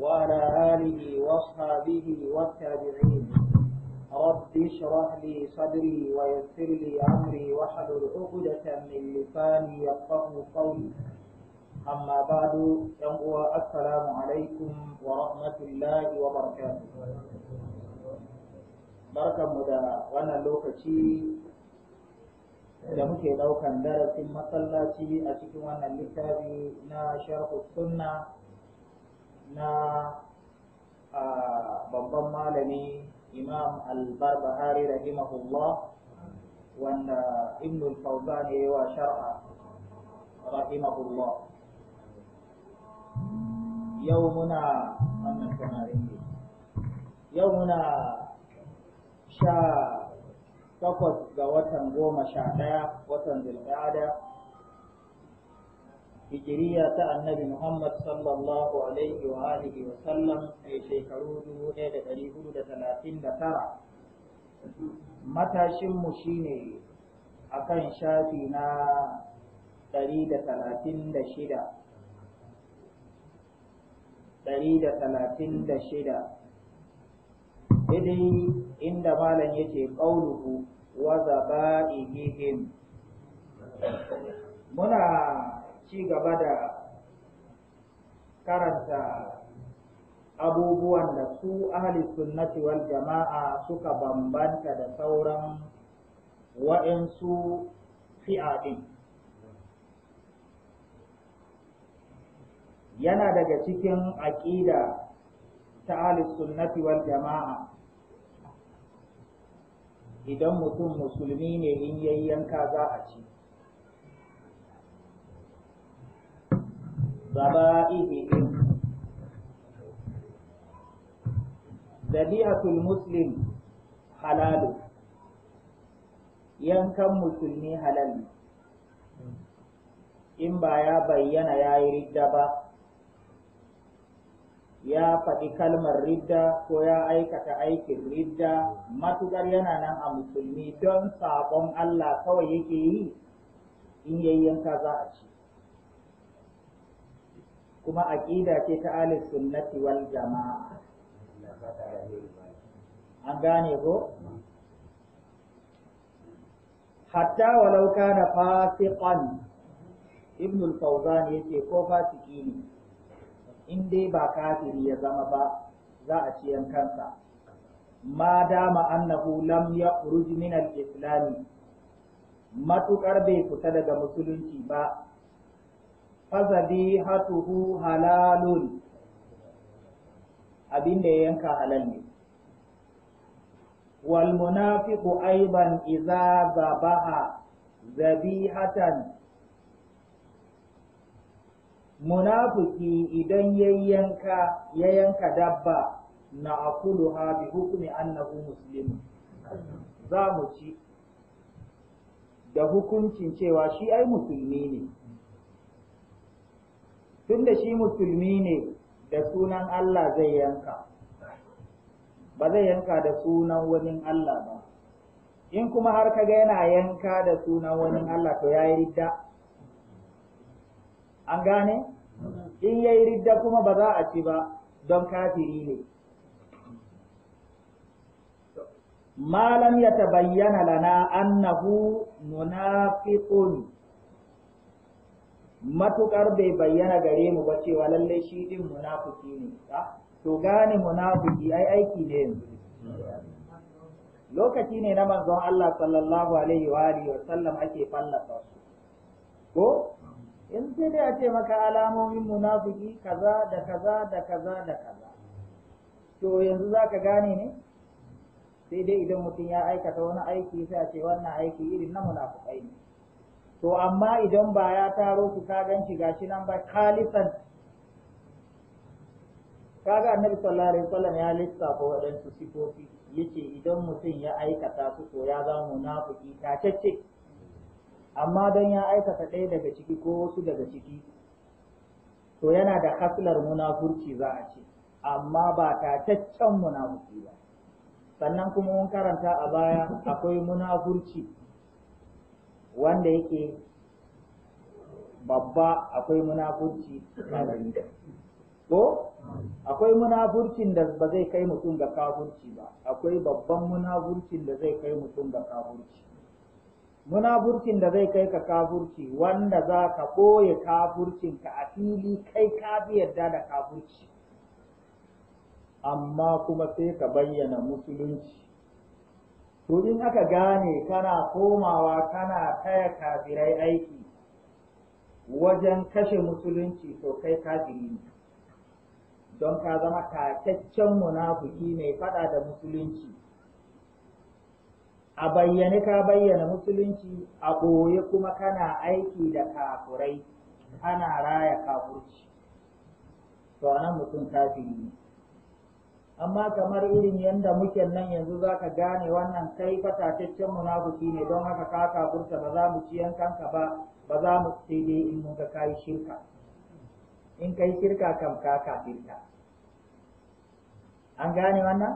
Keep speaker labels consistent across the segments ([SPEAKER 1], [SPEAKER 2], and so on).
[SPEAKER 1] وعلى آله وأصحابه والتابعين رب اشرح لي صدري ويسر لي أمري واحلل عقدة من لساني يفقه قولي أما بعد ينقوى السلام عليكم ورحمة الله وبركاته barkan mu da wannan lokaci da muke daukan darasin masallaci a cikin wannan littafi na sharhu sunna na babban malami imam al-barbahari rahimahullah wanda ibn al-fawzan ya yi wa shar'a rahimahullah yau muna wannan tunarin yau muna sha takwas ga watan goma sha ɗaya watan zulƙada hijiriya ta annabi Muhammad sallallahu alaihi wa alihi wa sallam mai shekaru 1439 matashinmu shine akan shafi na 136 136 dai inda malam yake ƙauluhu wa zaba'ihim muna ci gaba da karanta abubuwan da su ahli sunnati wal jama'a suka bambanta da sauran wa'insu fi'aɗin yana daga cikin aƙida ta ahli sunnati wal jama'a idan mutum musulmi ne in yayyanka za a ci ذبائحهم Muslim المسلم حلال yankan musulmi halal in ba ya bayyana ya yi ridda ba ya faɗi kalmar ridda ko ya aikata aikin ridda matuƙar yana nan a musulmi don sabon Allah kawai yake yi in yayi yanka za a ci kuma aƙida ce ta alif sunnati wal jama'a an gane ko hatta walau kana fasiqan ibn al-fawzan yace ko fasiki ne in dai ba kafiri ya zama ba za a ci kansa ma dama annahu lam yakhruj min al-islam matukar bai fita daga musulunci ba fazabihatuhu halalun abin da ya yanka halal ne wal munafiqu aidan idza zabaha zabihatan munafiki idan ya yanka ya yanka dabba na ha bi hukmi annahu muslim za mu ci da hukuncin cewa shi ai musulmi ne tun da shi musulmi ne da sunan Allah zai yanka ba zai yanka da sunan wani Allah ba in kuma har kaga yana yanka da sunan wani Allah to yayi ridda an gane in yayi ridda kuma ba za a ci ba don kafiri ne malam ya tabayyana lana annahu munafiqun matuƙar bai bayyana gare mu ba cewa lalle shi din munafiki ne ah, to gane munafiki ai aiki ne yanzu lokaci ne na manzon Allah sallallahu alaihi wa alihi wa sallam ake fallasa ko in sai dai a ce maka alamomin munafiki kaza da kaza da kaza da kaza to yanzu zaka gane ne sai dai idan mutum ya aikata wani aiki sai a ce wannan aiki irin na munafukai ne to amma idan ba ya taro ku ka gan gashi nan ba khalisan kaga annabi sallallahu alaihi wasallam ya lissafa waɗansu sifofi yace idan mutum ya aikata su to ya zama munafiki tacece amma don ya aikata ɗaya daga ciki ko wasu daga ciki to yana da haslar munafurci za a ce amma ba tacaccen munafurci ba sannan kuma mun karanta a baya akwai munafurci wanda yake babba akwai munafurci ko akwai munafurcin da ba zai kai mutum ga kafurci ba akwai babban munafurcin da zai kai mutum ga kafurci munafurcin da zai kai ka kafurci wanda za ka ɓoye kafurcin ka a fili kai ka yarda da kafurci amma kuma sai ka bayyana musulunci to in aka gane kana komawa kana taya kafirai aiki wajen kashe musulunci to kai kafiri ne don ka zama tataccen munafuki mai faɗa da musulunci a bayyane ka bayyana musulunci a ɓoye kuma kana aiki da kafirai kana raya kafurci to anan mutum kafiri ne amma kamar irin yadda muke nan yanzu za ka gane wannan kai fatataccen munafuki ne don haka ka kafurta ba za mu ci yankanka ba ba za mu sai dai in mun ka kayi shirka in kai shirka kam ka kafirta an gane wannan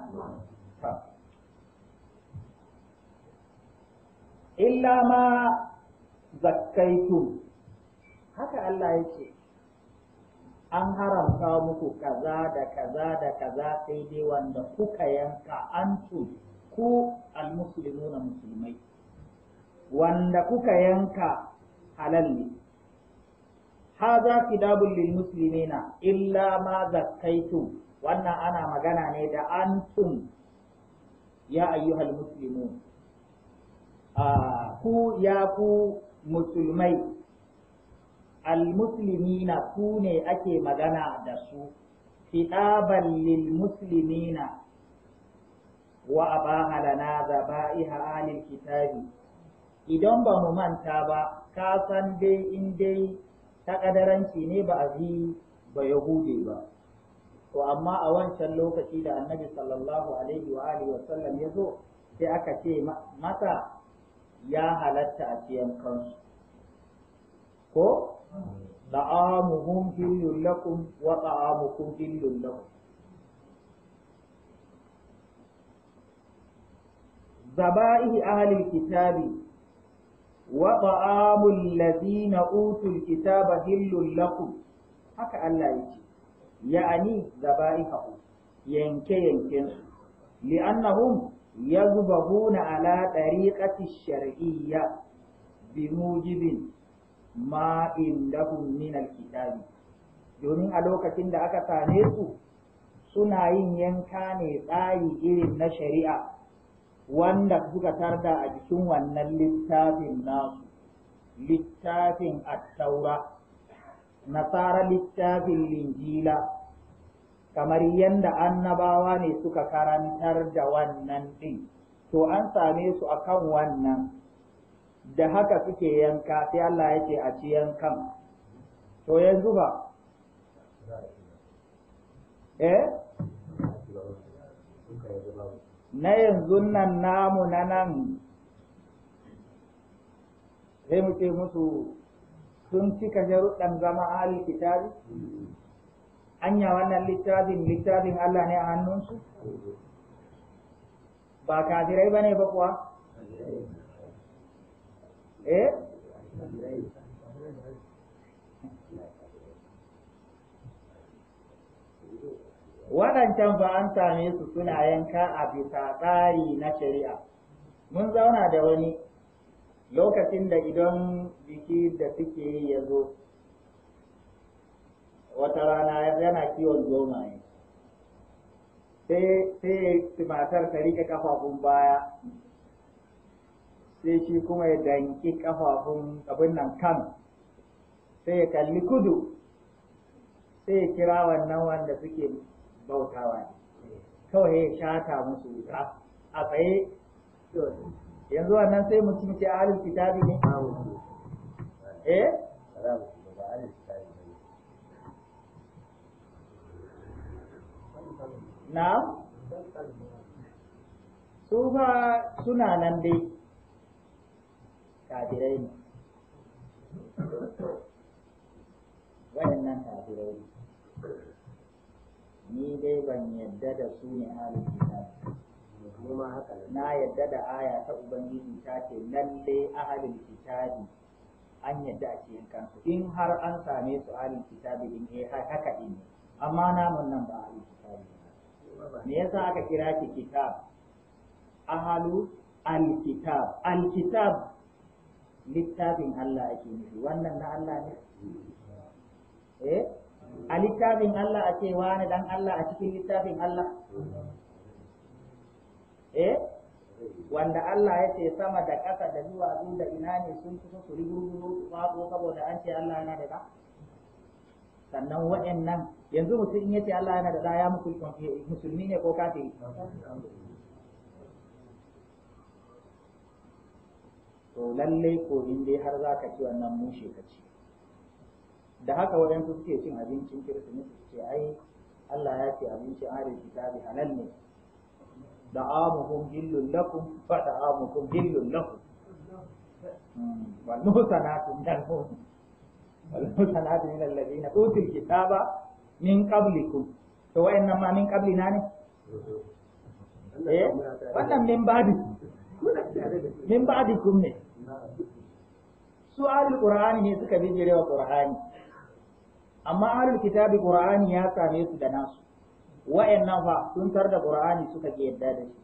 [SPEAKER 1] illa ma zakkaitu haka Allah ya an haramta muku kaza da kaza da kaza sai dai wanda kuka yanka antu ku na musulmai wanda kuka yanka halal ne haza kidabul lil muslimina illa ma zakkaitu wannan ana magana ne da antum ya ayyuhal muslimun ah, ku ya ku musulmai almuslimina ku ne ake magana da su khitaban lil muslimina wa abaha kitabi idan ba mu manta ba ka san dai in dai ta ne ba a yi ba buɗe ba to amma a wancan lokaci da annabi sallallahu alaihi wa alihi wa sallam ya zo sai aka ce mata ya halatta a ciyan kansu ko ta'amuhum hillun lakum wa ta'amukum hillun lakum ذبائح kitabi, الكتاب وطعام الذين أوتوا kitaba هل لكم haka Allah ya ce. ya'ani zabaihahum yanke yanken su li'annahum yazbahuna ala tariqati shar'iyya bi mujibin ma indakum min alkitabi domin a lokacin da aka same su suna yin yanka ne tsari irin na shari'a wanda suka tarda a jikin wannan littafin nasu littafin attaura nasara littafin linjila kamar yadda annabawa ne suka karantar da wannan ɗin to an same su akan wannan da haka suke yanka sai Allah ya ce a ci yankan to yanzu ba eh na yanzu nan namu na nan sai mu ce musu sun cika sharuɗan zama ahli kitabi anya wannan littafin littafin Allah ne a hannunsu ba kafirai ba ne ba kuwa eh waɗancan ba an same su suna yanka a bisa tsari na shari'a mun zauna da wani lokacin da idan biki da suke yi ya zo wata rana yana kiwon zomaye sai matar ta rike kafafun baya sai shi kuma ya danki kafafun abin nan kan sai ya kalli kudu sai ya kira wannan wanda suke bautawa ne kawai ya shata musu wuta a tsaye yanzu wannan sai mutum ce halin kitabi ne eh? na su fa suna nan dai kafirai ne waɗannan kafirai ne ni dai ban yadda da su ne halin na yadda da aya ta ubangiji ta ce lalle ahalin kitabi an yadda a cikin kansu in har an same su ahalin kitabi din eh haka din amma namun nan ba ahalin kitabi me yasa aka kira shi kitab ahalu al kitab. littafin Allah ake nufi wannan na Allah ne eh a littafin Allah a wani dan Allah a cikin littafin Allah eh wanda Allah ya ce sama da ƙasa da duwatsu da ina ne sun kusa su rubu su faɗo saboda an ce Allah yana da da sannan waɗannan yanzu mutum in yace ce Allah yana da da ya musulmi ne ko kafiri to lallai ko in dai har za ka ci wannan mushe ka ci da haka su suke cin abincin kirsimeti su ce ai Allah ya ce abincin arin kitabi halal ne da amukum hillun lakum fa da amukum hillun lakum hmm, wal muhsanatu min al wal muhsanatu min na utul kitaba min qablikum to wayannan ma min qablina ne eh wannan min babu min ba'dikum ne su ahlul qur'ani ne suka bijire wa qur'ani amma ahlul kitabi qur'ani ya same su da nasu wa'annan fa sun tar da qur'ani suka ki yadda da shi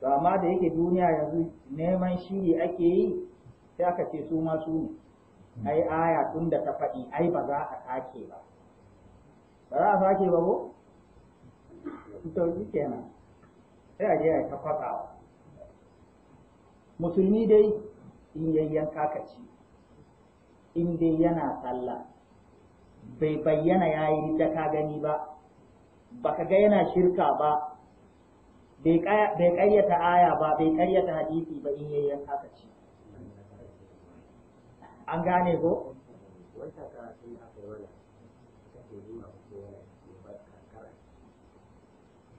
[SPEAKER 1] to amma da yake duniya yanzu neman shiri ake yi sai aka ce su ma su ne ai aya tun da ta faɗi ai ba za a sake ba ba za a sake ba ko to shi kenan sai a je a ta musulmi dai in yayyan kakaci in dai yana sallah bai bayyana yayi da ka gani ba baka ga yana shirka ba bai ƙaryata aya ba bai ƙaryata hadisi ba in yayyan kakaci an gane ko? Wata ka sun aka yi wani, aka yi wani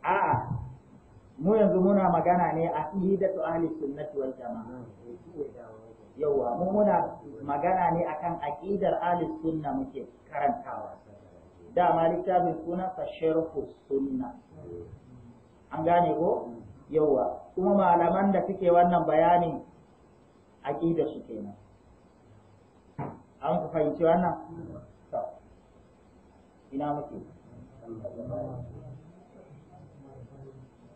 [SPEAKER 1] a'a mu yanzu muna magana ne a ihidatu ahli sunnati wal jama'a yawa mu muna magana ne akan aqidar ahli sunna muke karantawa dama littafin suna fa sharhu sunna an gane ko yawa kuma malaman da suke wannan bayanin aqidar su kenan an ku fahimci wannan ina muke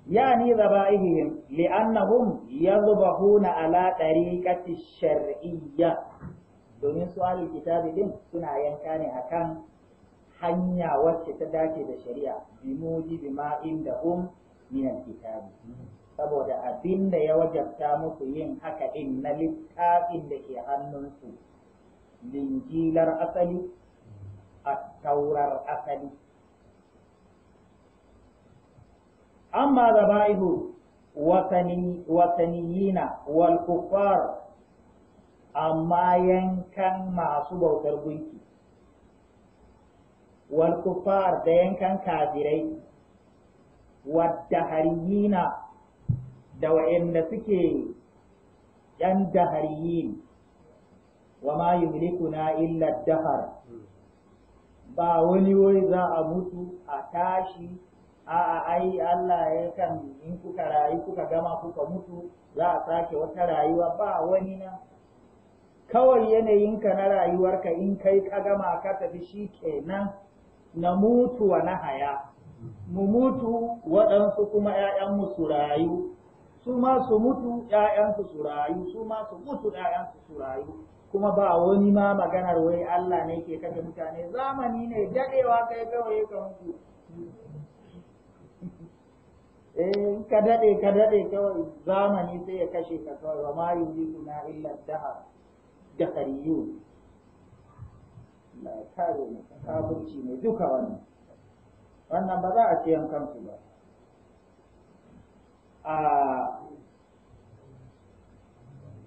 [SPEAKER 1] يعني ذبائحهم لأنهم يذبحون على طريقة الشرعية domin su ahli kitabi ɗin suna yanka ne a kan hanya wacce ta dace da shari'a bi muji bi ma inda hum min alkitabi saboda abin da ya wajabta musu yin haka din na littafin da ke hannunsu linjilar asali a taurar asali amma zabaihu wataniyina wal kuffar amma yankan masu bautar gunki wal da yankan kafirai wadda hariyina da wa'inda suke yan dahariyin wa ma yuhlikuna illa dahar ba wani wai za a mutu a tashi a'a ai Allah ya kan in kuka rayu kuka gama kuka mutu za a sake wata rayuwa ba wani na. kawai ka na rayuwarka in kai ka gama ka tafi shi kenan na mutu wa na haya mu mutu waɗansu kuma ‘ya'yanmu su rayu su ma su mutu ‘ya'yansu su rayu su ma su mutu ‘ya'yansu su rayu kuma ba wani ma maganar wai Allah ne ke kashe mutane zamani ne daɗewa kai kawai ka mutu in eh, ka daɗe ka daɗe kawai zamani sai ya kashe ka kawai wa ma yuziku na illa dahar da hariyu la kare ne kafirci ne duka wannan wannan ba za a ce kansu ba a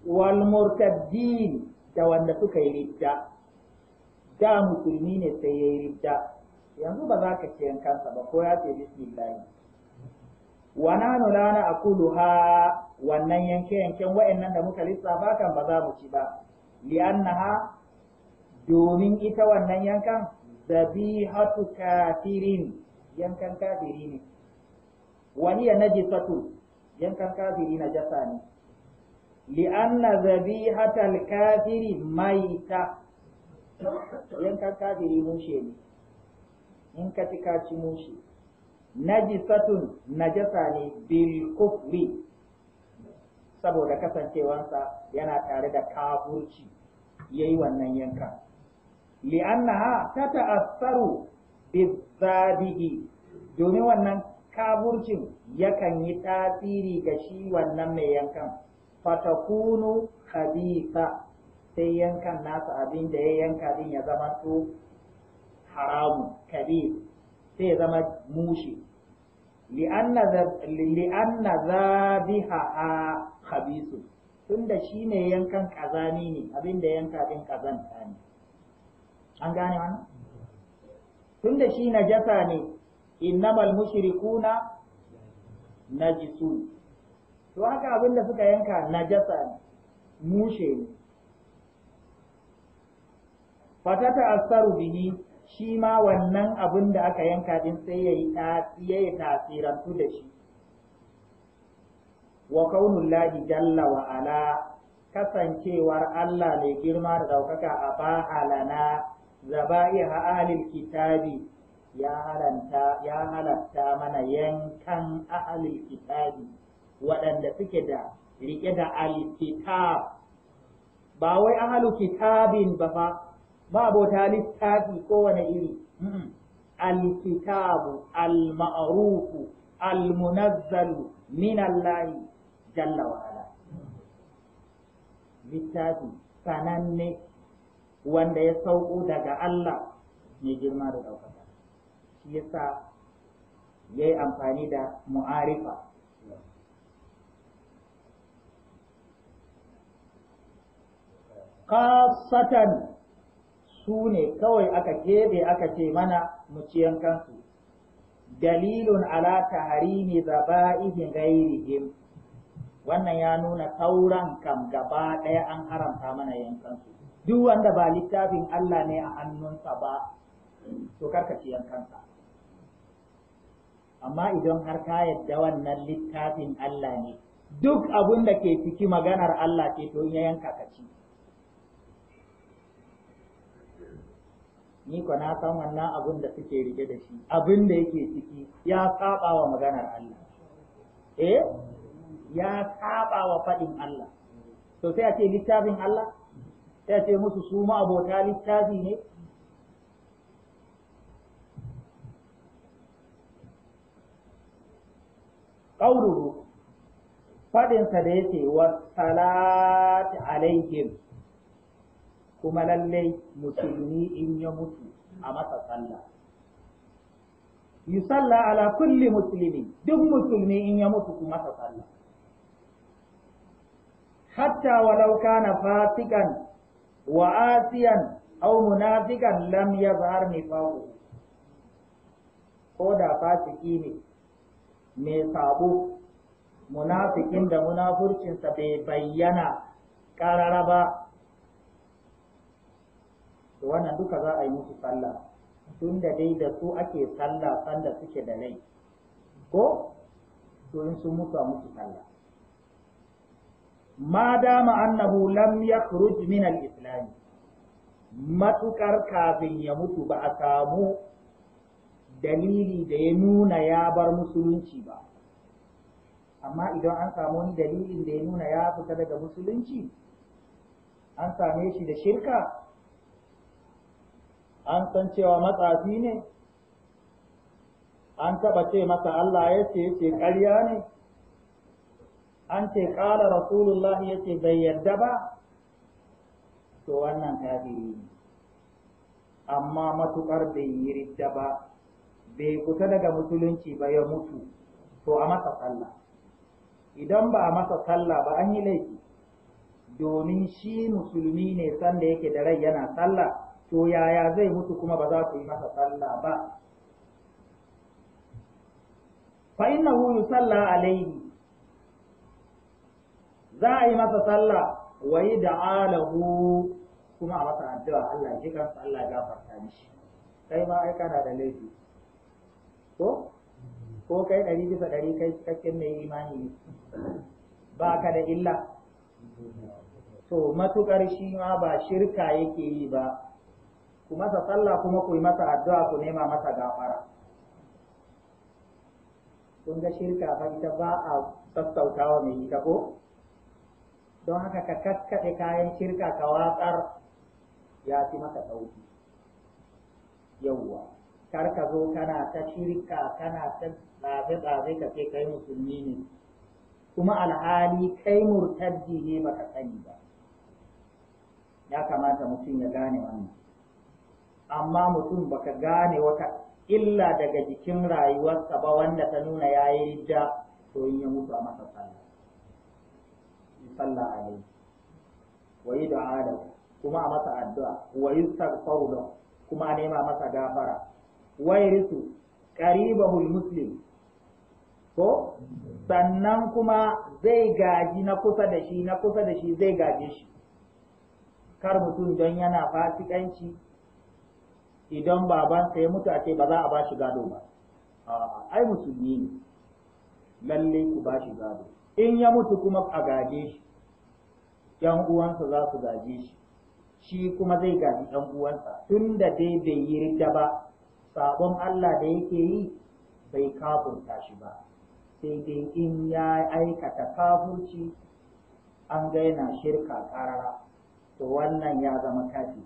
[SPEAKER 1] wal murtaddin da wanda suka yi ridda da musulmi ne sai ya yi ridda yanzu ba za ka ce kansa ba ko ya ce bismillah wa nanu la na'kuluha wannan yanke yanken wa'annan da muka lissafa kan ba za mu ci ba li'annaha domin ita wannan yankan zabihatu kafirin yankan kafiri ne Wani wa hiya najisatu yankan kafiri najasa ne li'anna zabihatal kafiri maita yankan kafiri mushe ne in ka ci ka ci mushe najisatun najasa ne bil kufri saboda kasancewansa yana tare da kafurci yayi wannan yanka li'annaha ta tata'assaru bizabihi domin wannan kaburcin yakan yi tasiri ga shi wannan mai yankan fatakunu khabisa sai yankan nasa abin da ya yanka din ya zama to haramu kabi. sai ya zama mushi li'anna zabiha a khabisu tunda shi ne yankan kazani ne abinda yanka din kazanta ne an gane wannan tunda shi najasa ne innamal mushrikuna najisu to haka abinda suka yanka najasa ne mushe ne fatata asaru bihi shi ma wannan abin da aka yanka din sai ya yi yayi tasirantu da shi wa kaunullahi jalla wa ala kasancewar Allah mai girma da daukaka a bahalana zaba'iha ahlil kitabi ya halanta ya halatta mana yankan ahlil kitabi waɗanda suke da riƙe da alkitab ba wai ahlu kitabin ba fa bota littafi kowane iri alkitabu alma'rufu almunazzalu min Allah jalla wa ala littafi sananne wanda ya sauko daga Allah mai girma da ɗaukaka shi yasa ya yi amfani da mu'arifa khasatan su ne kawai aka kebe aka ce mana mu ci yankansu dalilun ala taharimi zaba'ihin ghairihim wannan ya nuna sauran kam gaba ɗaya an haramta mana yankansu duk wanda ba littafin Allah ne a hannunsa ba to karka ci yankansa amma idan har ka yadda wannan littafin Allah ne duk abun da ke ciki maganar Allah ce to ya yanka ka ci ni ko na san wannan abun da suke rike da shi abin da yake ciki ya saba wa maganar Allah eh ya saba wa fadin Allah to sai a ce littafin Allah sai a ce musu su ma abota littafi ne ƙaururu faɗinsa da yake wa salati alaihim kuma lallai musulmi in ya mutu a masa sallah yusalla ala kulli musulmi duk musulmi in ya mutu kuma masa sallah hatta walau kana fasikan wa asiyan aw munafiqan lam mai nifaqu ko da fasiki ne mai sabo munafikin da munafurcinsa bai bayyana ƙarara ba to wannan duka za a yi musu sallah tun da dai da su ake sallah sanda suke da rai ko to in sun mutu a musu sallah ma dama annahu lam yakhruj min al-islam matukar kafin ya mutu ba a samu dalili da ya nuna ya bar musulunci ba amma idan an samu wani dalilin da ya nuna ya fita daga musulunci an same shi da shirka an san cewa matsafi ne an taɓa ce masa Allah ya ce ce ƙarya ne an ce ƙala rasulullah ya ce bai yarda ba to wannan kafiri ne amma matuƙar bai yi ridda ba bai kusa daga musulunci ba ya mutu to a masa sallah idan ba a masa sallah ba an yi laifi domin shi musulmi ne sanda yake da rai yana sallah to yaya zai mutu kuma ba za ku yi masa sallah ba fa innahu yusalla alaihi za a yi masa sallah wa yad'a lahu kuma a masa addu'a Allah ji kansa Allah ya gafarta mishi kai ma ai kana da laifi ko ko kai ɗari bisa ɗari kai cikakken mai imani ne ba ka da illa to matuƙar shi ma ba shirka yake yi ba ku masa sallah kuma ku yi masa addu'a ku nema masa gafara kun ga shirka fa ita ba a sassautawa mai ita ko don haka ka kakkaɗe kayan shirka ka watsar ya fi maka ɗauki yawwa kar ka zo kana ta shirka kana ta tsafe-tsafe ka ce kai musulmi ne kuma alhali kai murtaddi ne baka sani ba ya kamata mutum ya gane wannan amma mutum baka gane wata illa daga jikin rayuwarsa ba wanda ta nuna ya yi ridda to in ya mutu a masa sallah sallah alai. wa yi Adam kuma a masa addu'a wa yi da kuma a nema masa gafara wa risu, qaribahul muslim ko sannan kuma zai gaji na kusa da shi na kusa da shi zai gaje shi kar mutum don yana fasikanci idan babansa ya mutu a ce ba za a ba shi gado ba ai musulmi ne lalle ku ba shi gado in ya mutu kuma a gaje shi yan uwansa za su gaje shi shi kuma zai gaji yan uwansa tun da dai bai yi ridda ba sabon Allah da yake yi bai kafurta shi ba sai dai in ya aikata kafurci an ga yana shirka karara to wannan ya zama kafi.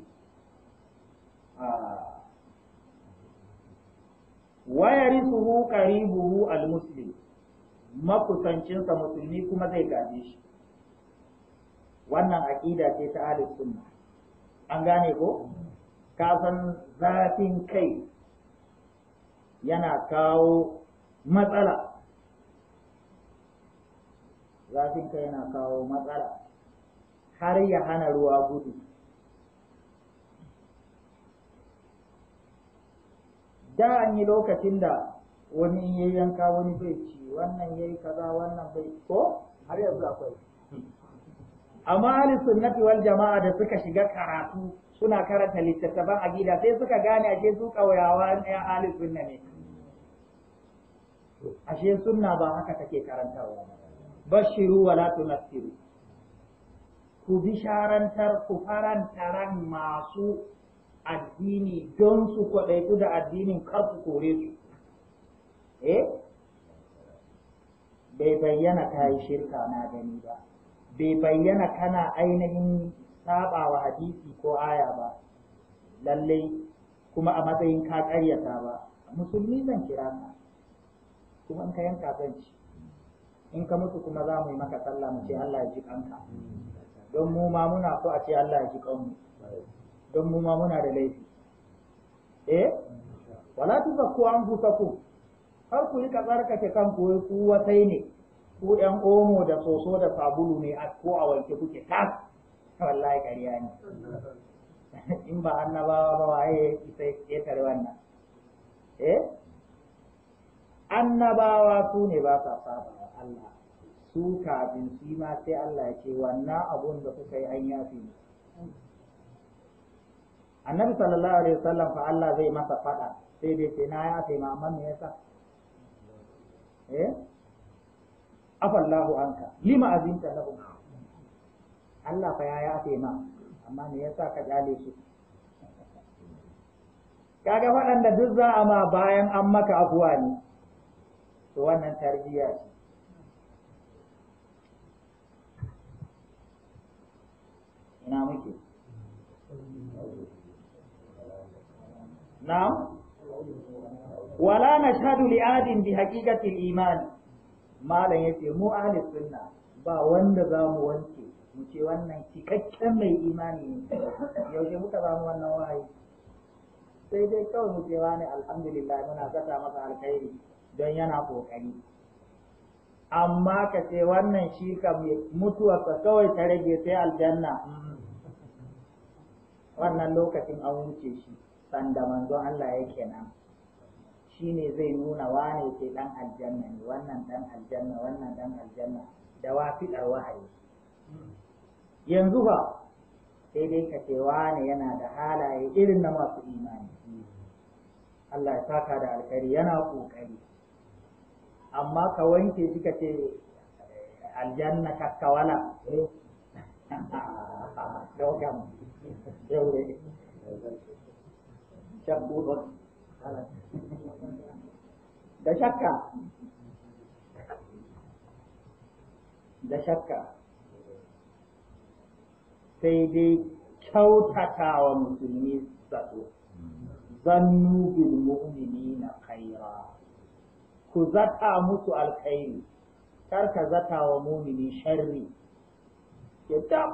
[SPEAKER 1] wa yarithuhu qaribuhu almuslim makusancinsa musulmi kuma zai gaje shi wannan aƙida ce ta ahlus sunna an gane ko ka san zafin kai yana kawo matsala zafin kai yana kawo matsala har ya hana ruwa gudu da an yi lokacin da wani ya yanka wani bai ci wannan ya yi kaza wannan bai ko har yanzu akwai amma ahli sunnati wal jama'a da suka shiga karatu suna karanta littattafan aqida sai suka gane ashe su kauyawa ne ahli sunna ne ashe sunna ba haka take karantawa bashiru wala tunassiru ku bisharantar ku faranta ran masu addini don su kwaɗaitu da addinin kar su kore su eh bai bayyana ka yi shirka na gani ba bai bayyana kana ainihin saba wa hadisi ko aya ba lallai kuma a matsayin ka ƙaryata ba musulmi zan kira ka kuma in ka yanka zan ci in ka mutu kuma za mu yi maka sallah mu ce Allah ya ji kanka don mu ma muna so a ce Allah ya ji kanmu don mu ma muna da laifi eh wala an anfusakum har ku yi tsarkake kanku kan ku watai ne ku ɗan omo da soso da sabulu ne a ko a wanke kuke tas wallahi ƙarya ne in ba annabawa ba waye sai tare wannan eh annabawa su ne ba sa saba wa Allah su kafin shi ma sai Allah ya ce wannan abun da kuka yi an yafi ne annabi sallallahu alaihi wasallam fa Allah zai masa fada sai dai ce na ya taima amma me yasa eh afallahu anka lima azinta lahu Allah fa ya ya ma amma me yasa ka jale shi kaga waɗanda duk za a ma bayan an maka afuwa ne to wannan tarbiyya ce ina muke na'am wala nashhadu li adin bi haqiqati al-iman malam yace mu ahli sunna ba wanda za mu wanke mu ce wannan cikakken mai imani ne yaushe muka samu wannan wahayi sai dai kawai mu ce wani alhamdulillah muna saka masa alkhairi don yana kokari amma ka ce wannan shi kam mutuwarsa kawai ta rage sai aljanna mm. wannan lokacin an wuce shi sanda manzon Allah yake nan shi ne zai nuna wane ke ɗan aljanna ne wannan ɗan aljanna wannan ɗan aljanna da wafiɗar wahayi yanzu ba sai dai ka ce wane yana da halaye irin na masu imani Allah ya saka da alkari yana ƙoƙari amma ka wanke shi ka ce aljanna kakkawala eh da shakka da shakka sai dai kyautata wa musulmi zato zannu bil na kaira. ku zata musu alkhairi kar ka zata wa mumini sharri ya tab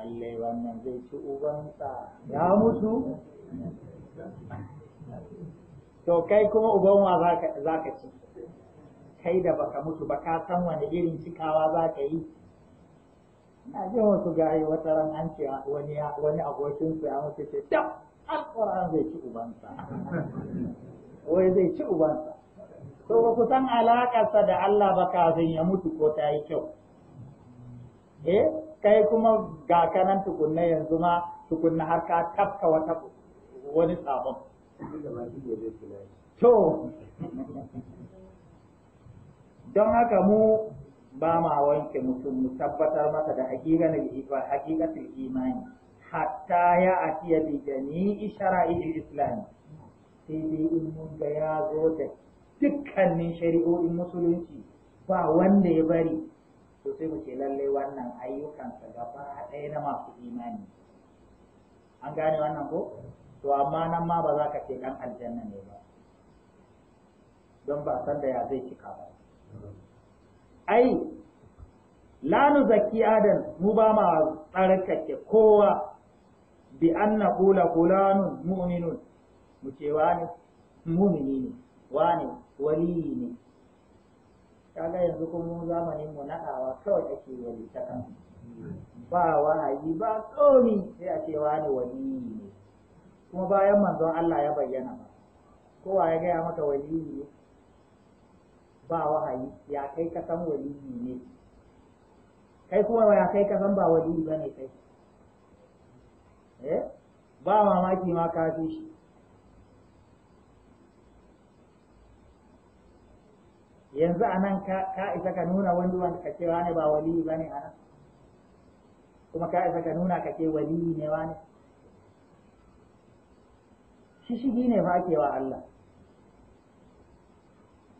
[SPEAKER 1] lallai wannan zai ci ubansa ya mutu to kai kuma ubanwa za ka ci kai da baka mutu ba ka san wani irin cikawa za ka yi ina jin wasu gari wata ran an ce wani wani abokin su ya mutu ce dab alquran zai ci ubansa wai zai ci ubansa to ba ku san alakarsa da Allah ba kafin ya mutu ko ta yi kyau eh kai kuma ga kanan tukunna yanzu ma tukunna har ka tafka wata wani tsabon to don haka mu ba ma wanke mutum mu tabbatar maka da hakikatar imani hatta ya atiya bi jami'i shara'il islami sai dai in mun ga ya zo da dukkanin shari'o'in musulunci ba wanda ya bari to sai mu ce lalle wannan ayyukansa gaba ɗaya na masu imani an gane wannan ko to amma nan ma ba za ka ce ɗan aljanna ne ba don ba san da ya zai cika ba ai lanu zaki adam mu ba ma tsarkake kowa bi anna qula qulanun mu'minun mu ce wani mu'mini ne wani wali ne kaga yanzu kuma zamanin mu na'awa kawai ake wali ta kan ba wahayi ba komi sai a ce wani wali ne kuma bayan manzon Allah ya bayyana ba kowa ya gaya maka waliyi ne ba wahayi ya kai ka san waliyi ne kai kuma ya kai ka san ba waliyi ba ne kai eh ba mamaki ma ka fi shi yanzu a nan ka isa ka nuna wani wanda ka ce wani ba waliyi ba ne a nan kuma ka isa ka nuna ka ce waliyi ne wani shishigi ne fa ake wa Allah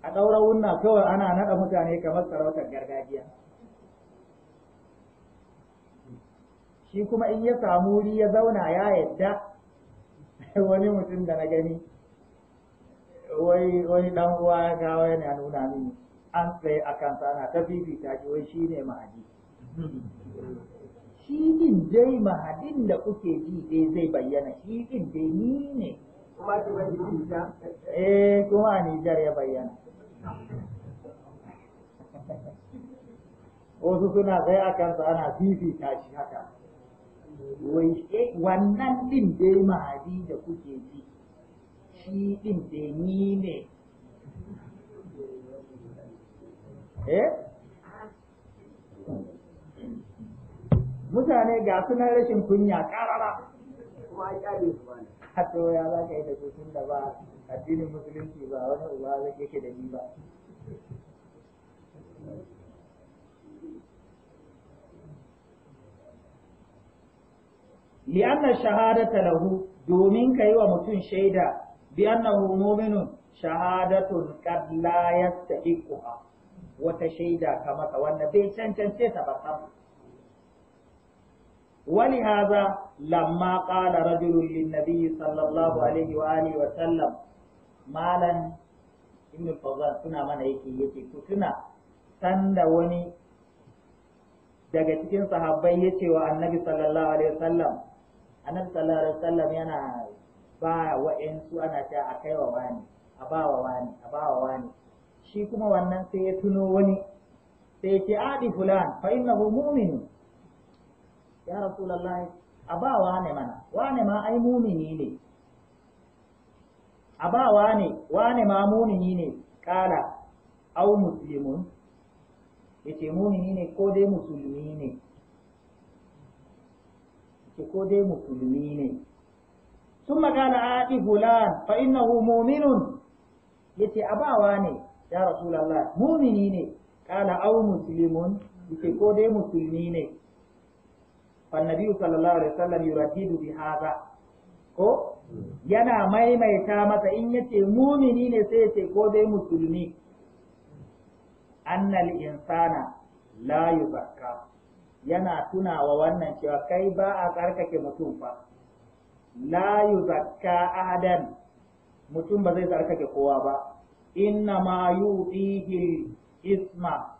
[SPEAKER 1] a ɗaura wunna kawai ana naɗa mutane kamar sarautar gargajiya shi kuma in ya samu wuri ya zauna ya yadda wani mutum da na gani wai wani dan uwa ya kawo yana nuna mini an tsaye a kan sana ta fifita shi wai shine mahadi shi din dai mahadin da kuke ji dai zai bayyana shi din dai ni ne Eh, kuma a Nijar ya bayyana. Wasu suna sai a kansa ana fifita shi haka. Wai, wannan ɗin dai mahadi da kuke ji, shi ɗin da ni ne. Eh? Mutane ga sunan rashin kunya ƙarara. Kuma ya ƙyale su ba ne. ka to ya za ka yi da kusur da ba addinin musulunci ba wani uba zai yake da ni ba shahada shahadata lahu domin ka yi wa mutum shaida bi annahu mu'minun shahadatun qad la yastahiquha wata shaida kamata, wanda bai cancance ta ba ولهذا لما قال رجل للنبي صلى الله عليه وآله وسلم مالا ابن الفوزان سنة من أيكي يتي كتنا سند وني daga cikin sahabbai ya cewa wa annabi sallallahu alaihi wasallam annabi yana ba wa'ansu ana ta a kai wa wani a ba wa wani a ba wa wani shi kuma wannan sai ya tuno wani adi fulan ya rasulullahi a ba wane mana wane ma ai mumini ne a ba wane wane ma mumini ne kala au muslimun yace mumini ne ko dai musulmi ne yace ko dai musulmi ne ثم قال آتي muminun فإنه مؤمن yace abawa ne ya rasulullah mumini ne kala au muslimun yace ko dai musulmi ne فالنبي صلى الله عليه وسلم يردد بهذا ko yana maimaita masa in yace mumini ne sai yace ko dai musulmi annal insana la yubakka yana tunawa wannan cewa kai ba a tsarkake mutum ba. la yuzakka Adam mutum ba zai tsarkake kowa ba inna ma yudihi isma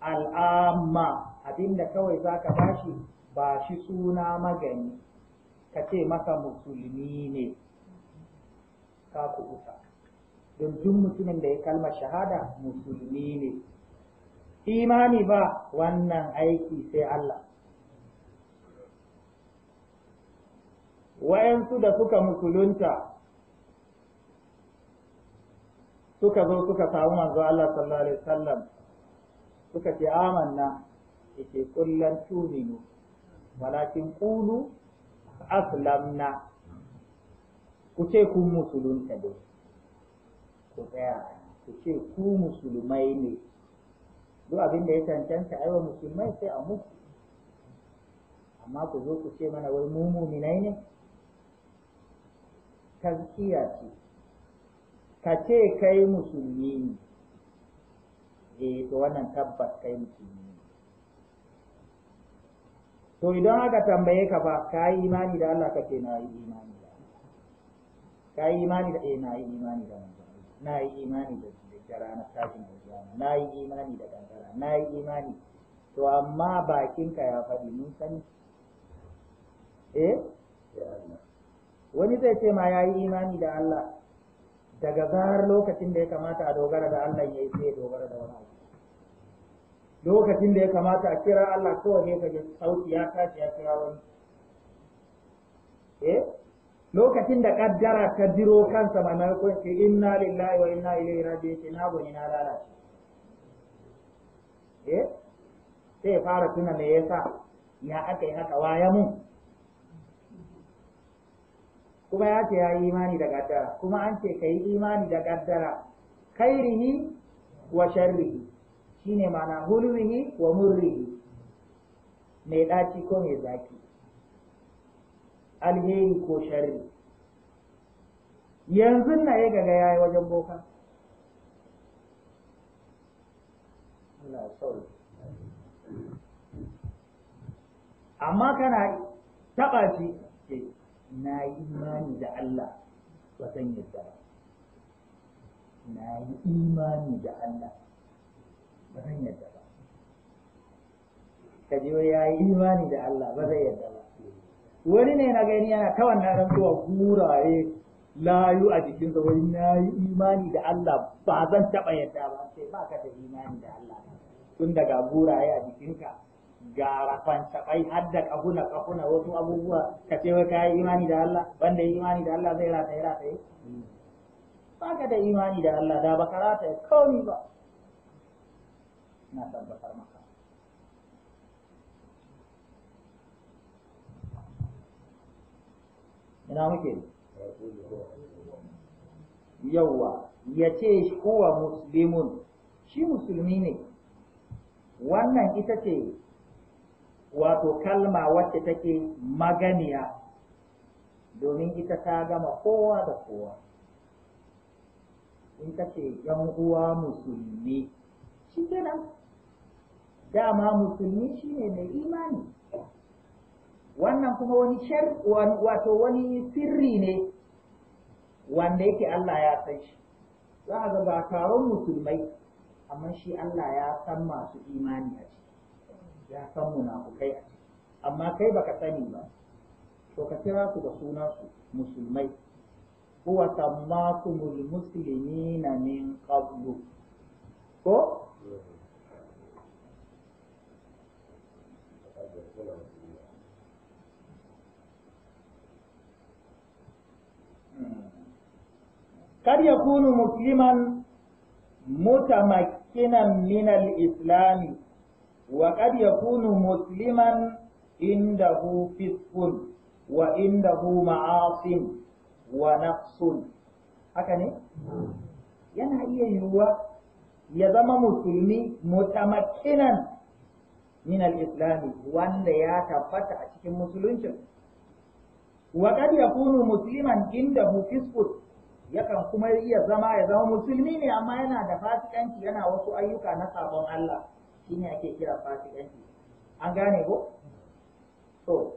[SPEAKER 1] al'amma abinda kawai zaka bashi ba shi suna magani ka ce masa musulmi ne ka kuɓuta don duk mutumin da ya kalma shahada musulmi ne imani ba wannan aiki sai Allah wayansu da suka musulunta suka zo suka samu manzo Allah sallallahu alaihi wasallam suka ce amanna yake kullan tuminu walakin qulu aslamna ku ce ku musulunta ne ku tsaya ku ce ku musulmai ne duk abin da ya cancanta aiwa musulmai sai a musu amma ku zo ku ce mana wai mu muminai ne tazkiya ce ka ce kai musulmi ne eh to wannan tabbas kai musulmi ne to idan aka tambaye ka ba ka yi imani da Allah ka ce na yi imani da ka yi imani da eh, na yi imani da na yi imani da da na tashin kiyama na yi imani da kankara na yi imani to amma bakinka ya faɗi mun sani eh wani zai ce ma ya yi imani da Allah daga zarar lokacin da ya kamata a dogara da Allah ya yi sai dogara da wani abu lokacin da ya kamata a kira Allah kawai ne kaje sauki ya tashi ya kira wani eh lokacin da kaddara ka jiro kansa manarkon ce inna lillahi wa inna ilaihi raji'un ina na goni na lalace eh sai fara tuna me yasa ya aka yi haka waya mun kuma ya ce ya yi imani da kaddara kuma an ce ka yi imani da kaddara khairihi wa sharrihi shine mana hulmihi wa murrihi mai ɗaci ko mai zaki alheri ko sharri yanzu na ya gaga ya yi wajen boka amma kana taɓa shi ce na yi imani da Allah ba san yadda ba na yi imani da Allah ba zan yadda ba ka ji ya yi imani da Allah ba zai yadda ba wani ne na gani yana ta wannan rantsuwa guraye layu a jikinsa wani na yi imani da Allah ba zan taɓa yadda ba sai ba ka da imani da Allah tun daga guraye a jikinka ga rafan taɓai har da kahuna kahuna wasu abubuwa ka ce wai ka yi imani da Allah wanda yi imani da Allah zai rataye rataye ba ka da imani da Allah da ba ka rataye komi ba na tabbatar maka ina muke yawwa ya ce kowa muslimun shi musulmi ne wannan ita ce wato kalma wacce take maganiya domin ita ta gama kowa da kowa in ka ce uwa musulmi shi kenan dama musulmi shine mai imani wannan kuma wani shar wato wani sirri ne wanda yake Allah ya san shi za a ga ba taron musulmai amma shi Allah ya san masu imani a ciki ya san munafukai a ciki amma kai baka sani ba to ka kira su da sunan su musulmai huwa sammakumul muslimina min qablu ko kad kunu musliman mutamakkinan min al-islam wa kad yakunu musliman indahu fiskun wa indahu ma'asin wa nafsun haka ne yana iya yiwuwa ya zama musulmi mutamakkinan min al-islam wanda ya tabbata a cikin musuluncin wa kad yakunu musliman indahu fiskun yakan kuma iya zama ya zama musulmi ne amma yana da fasikanci yana wasu ayyuka na sabon Allah shine ake kira fasikanci an gane ko to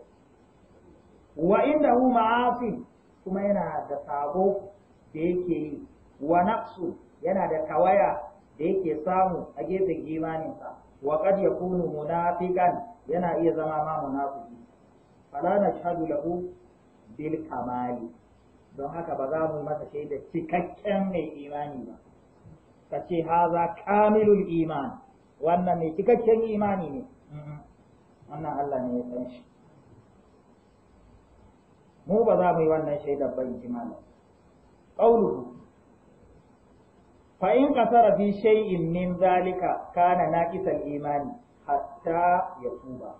[SPEAKER 1] wa hu ma'asi kuma yana da sabo da yake yi wa nafsu yana da tawaya da yake samu a gefe gefen sa wa qad yakunu munafiqan yana iya zama ma munafiki fala nashhadu lahu bil kamali don haka ba za mu masa shaida cikakken mai imani ba ka ce haza kamilul iman wannan mai cikakken imani ne wannan Allah ne ya san shi mu ba za mu yi wannan shaidar ba in ji malam qauluhu fa'in ƙasara fi shay'in min zalika kana naƙisar imani hatta ya tuba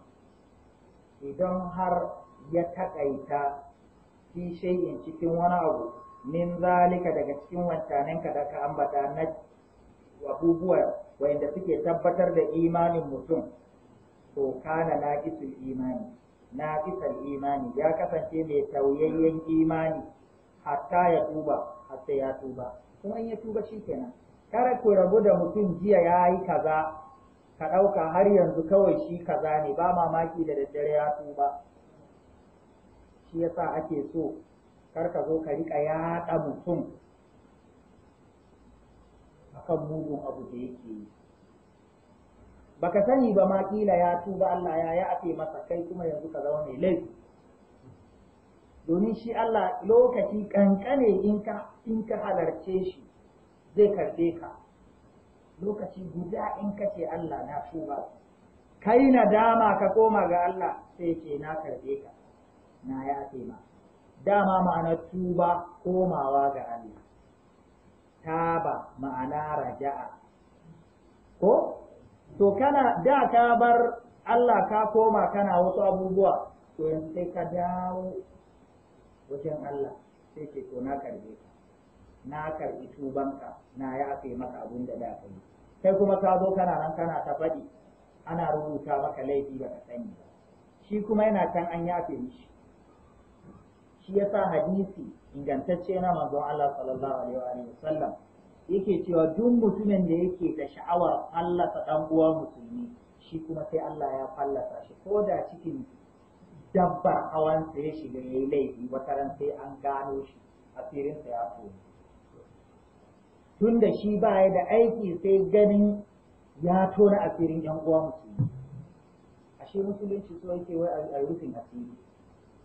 [SPEAKER 1] idan har ya taƙaita fi shay'in cikin wani abu min zalika daga cikin wancanen ka da ka ambata na abubuwa wanda suke tabbatar da imanin mutum to kana kisul imani kisul imani ya kasance mai tauyayyen imani hatta ya tuba hatta ya tuba kuma in ya tuba shikenan kare ku rabu da mutum jiya yayi kaza ka ɗauka har yanzu kawai shi kaza ne ba mamaki da daddare ya tuba shi yasa ake so kar ka zo ka rika yaɗa mutum akan mugun abu da yake yi baka sani ba ma kila ya tuba Allah ya ya ake masa kai kuma yanzu ka zama mai laifi domin shi Allah lokaci kankane in ka in ka halarce shi zai karbe ka lokaci guda in ka ce Allah na tuba kai na dama ka koma ga Allah sai ke na karbe ka na yafe ma dama ma'ana tuba komawa ga Allah taba ma'ana raja'a ko to kana da ka bar Allah ka koma kana wasu abubuwa to yanzu sai ka dawo wajen Allah sai ce to na karbe ka na karbi tubanka na yafe maka abin da da kai Sai kuma ka zo kana nan kana ta faɗi ana rubuta maka laifi ba ka sani ba shi kuma yana san an yafe mishi shi sa hadisi ingantacce na manzon Allah sallallahu alaihi wa sallam yake cewa duk mutumin da yake da sha'awar fallasa ɗan uwa musulmi shi kuma sai Allah ya fallasa shi ko da cikin dabbar hawan ya shiga yayi laifi wata ran sai an gano shi firin sa ya tun tunda shi ba ya da aiki sai ganin ya tona asirin yan uwa musulmi ashe musulunci so yake wai a rufin asiri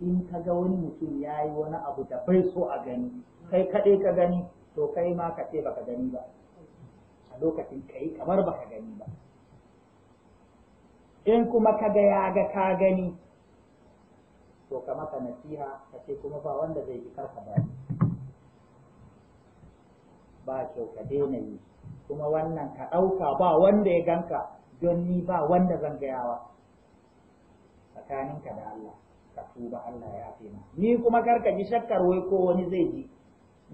[SPEAKER 1] in ka ga wani mutum ya yi wani abu da bai so a gani kai kaɗe ka gani to kai ma ka ce baka gani ba a lokacin kai kamar baka gani ba in kuma ka ga ya ga ka gani to ka maka nasiha ka ce kuma ba wanda zai ji karka ba ba kyau ka daina yi kuma wannan ka ɗauka ba wanda ya ganka don ni ba wanda zan gayawa tsakaninka da Allah ka tuba Allah ya fi ni kuma karka ji shakkar wai ko wani zai ji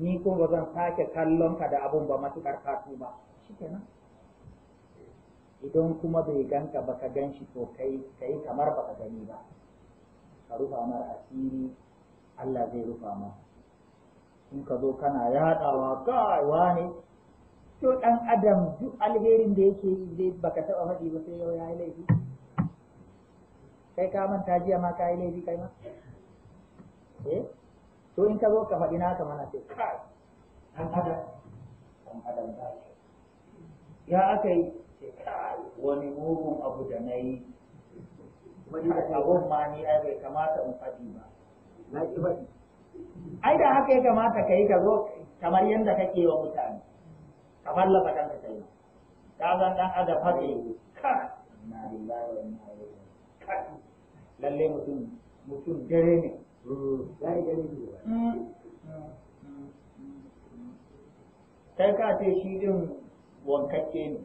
[SPEAKER 1] ni ko ba zan sake kallon ka da abun ba matukar ka tuba shikenan idan kuma bai ganka ba ka gan to kai kai kamar baka gani ba ka rufa mar asiri Allah zai rufa ma in ka zo kana yaɗawa kai wani to ɗan adam duk alherin da yake yi baka taɓa faɗi ba sai yau ya yi laifi kai ka manta jiya ma ka yi laifi kai ma eh to in ka zo ka faɗi naka mana sai an adam an adam da ya aka yi wani mugun abu da na yi abun ma ni ai bai kamata in faɗi ba na ki faɗi ai da haka ya kamata ka yi ka zo kamar yadda kake wa mutane ka fallasa ka kai ka zan dan adam haka yi ka na lillahi wa inna ilaihi lalle mutum mutum dare ne ya dare ne kai ka ce shi din wankakke ne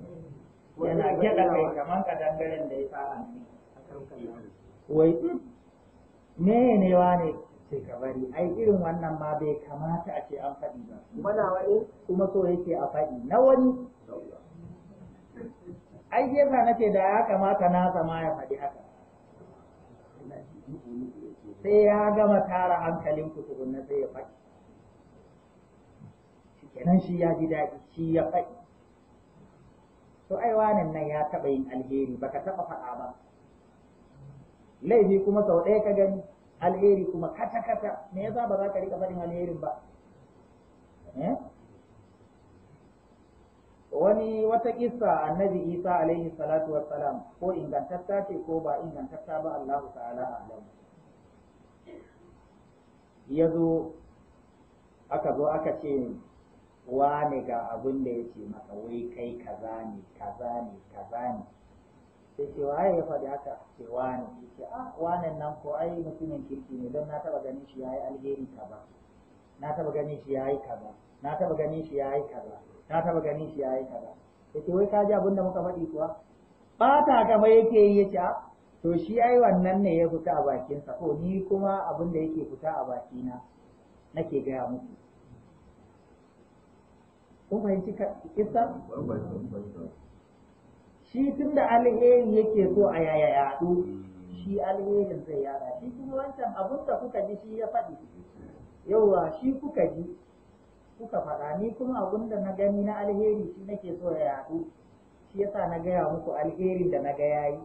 [SPEAKER 1] yana gyaɗa kai kamar ka dangaren da ya fara ne wai ne ne wa ne sai ka bari ai irin wannan ma bai kamata a ce an faɗi ba kuma na wani kuma so yake a faɗi na wani ai yasa na ce da ya kamata na zama ya faɗi haka sai ya gama tara hankalin ku tukunna sai ya faɗi kenan shi ya ji daɗi shi ya faɗi to ai wannan nan ya taɓa yin alheri baka taɓa faɗa ba laifi kuma sau ɗaya ka gani alheri kuma kata kata me yasa ba za ka riƙa faɗin alherin ba eh? wani wata kissa annabi isa alaihi salatu wassalam ko ingantatta ce ko ba ingantatta ba allahu ta'ala alam ya zo aka zo aka ce wane ga abin da ya ce maka wai kai kaza ne kaza ne kaza ne sai ce waye ya faɗi haka ce wane ce a ah, wanan nan ko ai mutumin kirki ne don na taba ganin shi yayi alheri kaza na taba ganin shi yayi kaza na taba ganin shi yayi kaza Ta taba gani shi yayi kaza yace wai ka ji abin da muka faɗi kuwa bata gaba yake yi yace ah, to shi ai wannan ne ya fita a bakin sa ko ni kuma abin da yake fita a bakina nake gaya muku kun fahimci kisa shi tunda alheri yake so a yaya yaɗo, shi alherin zai yara. shi kuma wancan abin da kuka ji shi ya faɗi yauwa shi kuka ji kuka faɗa ni kuma abin da na gani na alheri shi nake so ya yaɗu shi yasa na gaya muku alheri da na ga yayi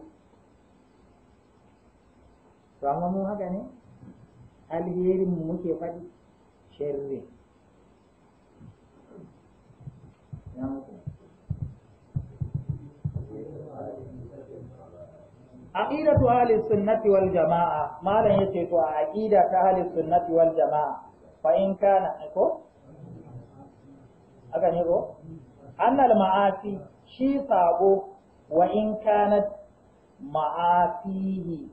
[SPEAKER 1] to amma mu haka ne alherin mu muke faɗi sharri aqidatu ahli sunnati wal jamaa malan yace to a aqida ta ahli sunnati wal jamaa fa in kana ko aka ne annal ma'asi shi sabo wa in kanat ma'asihi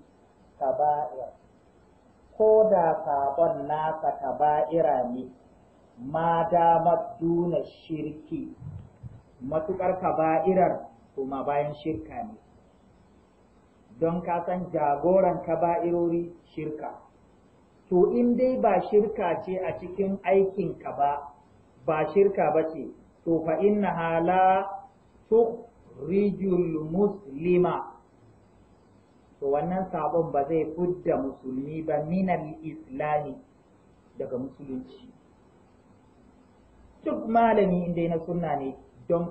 [SPEAKER 1] kaba'ir ko da sabon nasa kaba'ira ne ma damar duna shirki matukar kaba'irar kuma bayan shirka ne don ka san jagoran kaba'irori shirka to in dai ba shirka ce a cikin aikinka ba ba shirka ba ce to fa inna hala tukhrijul muslima to wannan sabon ba zai fudda musulmi ba minal islami daga musulunci duk malami inda na sunna ne don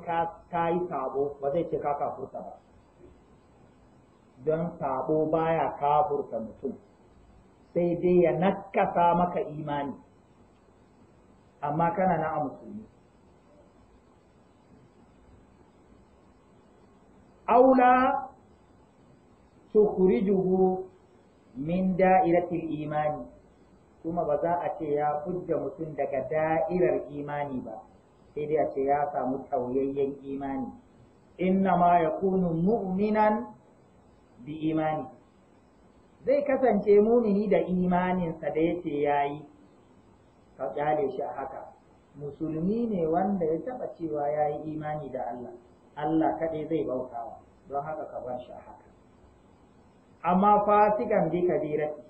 [SPEAKER 1] ka yi sabo ba zai ce ka kafurta ba don sabo baya kafurta mutum sai dai ya nakasa maka imani amma kana na a musulmi aula tukhrijuhu min da'iratil imani kuma ba za a ce ya fudda mutum daga da'irar imani ba sai dai a ce ya samu tauyayyen imani inna ma yakunu mu'minan bi imani zai kasance mumini da imaninsa da yace yayi ka kyale shi a haka musulmi ne wanda ya taba cewa ya yi imani da Allah Allah kaɗai zai bautawa don haka ka bar shi a haka amma fasikan bi kabirati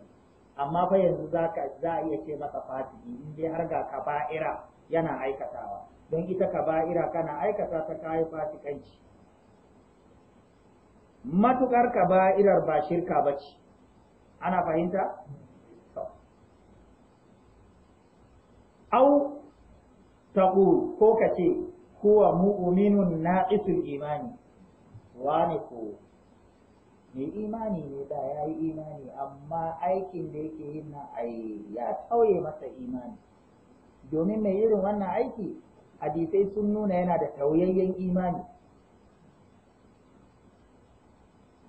[SPEAKER 1] amma fa yanzu za a iya ce maka fasiki in dai har ga ka Ba'ira yana aikatawa don ita Ba'ira kana aikata ta kayi fasikanci matukar kaba'irar ba shirka bace ana fahimta au taqul ko kace huwa mu'minun naqisul imani wani ko ne imani ne da ya yi imani amma aikin da yake yin na, ai ya tauye masa imani domin mai irin wannan aiki hadisai sun nuna yana da tauyayyen imani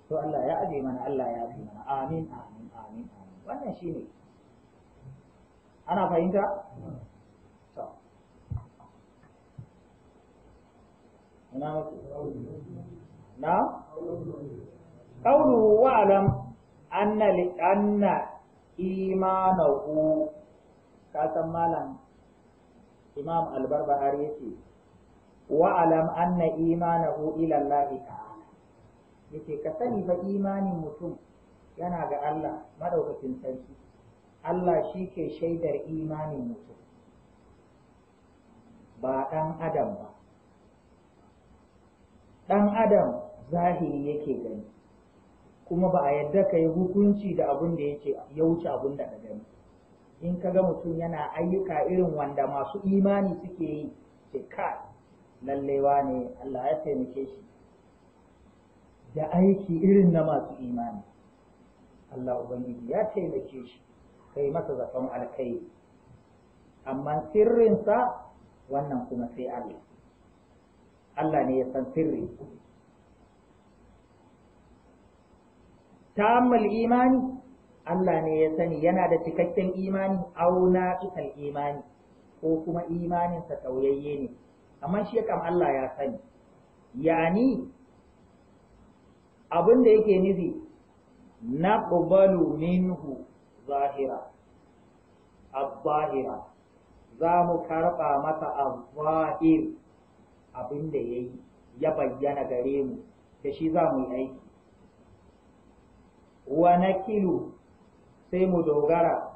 [SPEAKER 1] to Allah ya aje mana Allah ya aje mana amin amin amin amin wannan shine ana fahimta na qawluhu wa alam anna li anna imanahu ka san malam imam al-barbahari yake wa alam anna imanahu ila Allah ta'ala yake ka sani fa imanin mutum yana ga Allah madaukakin sarki Allah shi ke shaidar imanin mutum ba ɗan adam ba ɗan adam zahiri yake gani kuma ba a yadda ka yi hukunci da abin da yake ya wuce abin da ka gani in ka ga mutum yana ayyuka irin wanda masu imani suke yi ke ka lallewa ne Allah ya taimake shi da aiki irin na masu imani Allah Ubangiji ya taimake shi kai masa zaton alkai amma sirrinsa wannan kuma sai Allah Allah ne ya san sirri tammal imani Allah ne ya sani yana da cikakken imani auna isal imani ko kuma imaninsa tauyayye ne amma shi kam Allah ya sani yani abin da yake nufi na ƙubalu minhu zahira a zahira za mu karɓa masa a zahir abin da ya yi ya bayyana gare mu da shi za mu yi aiki wa kilo sai mu dogara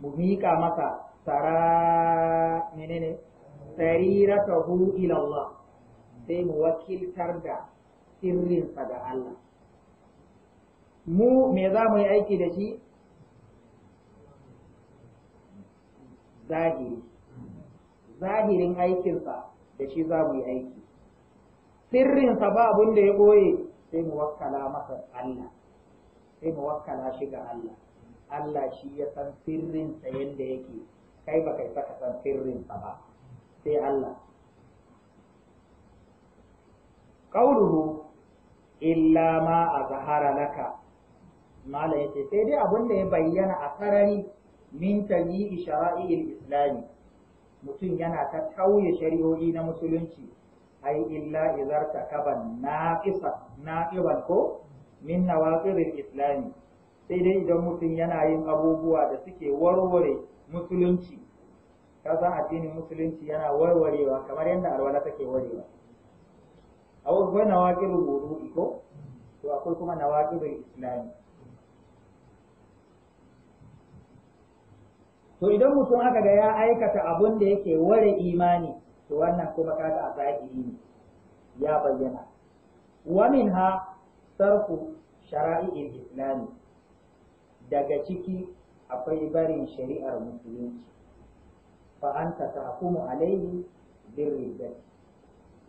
[SPEAKER 1] mu miƙa masa tara menene sariratahu Allah sai mu wakiltar da sirrinsa ga Allah mu me za mu yi aiki da shi zahiri zahirin aikinsa da shi za mu yi aiki sirrinsa ba abin da ya ɓoye sai mu wakkala masa Allah sai mu wakkala shi ga Allah Allah shi ya san sirrinsa yadda yake kai ba kai saka san sirrinsa ba sai Allah Ƙauruhu illa ma a zahara laka mala yace sai dai abin da ya bayyana a sarari min tamiyi shara'il islami mutum yana ta tauye shari'o'i na musulunci ai illa idar takaban naqisa naqiban ko min nawaqidil islami sai dai idan mutum yana yin abubuwa da suke warware musulunci san addinin musulunci yana warwarewa kamar yadda alwala take warewa a wasu nawaqidul wudu'i ko to akwai kuma nawaqidul islami to idan mutum aka ga ya aikata abun da yake ware imani to wannan kuma kaga a zahiri ne ya bayyana wa minha sarfu shara'i'il islami daga ciki akwai barin shari'ar musulunci fa anta tahkumu alaihi birridat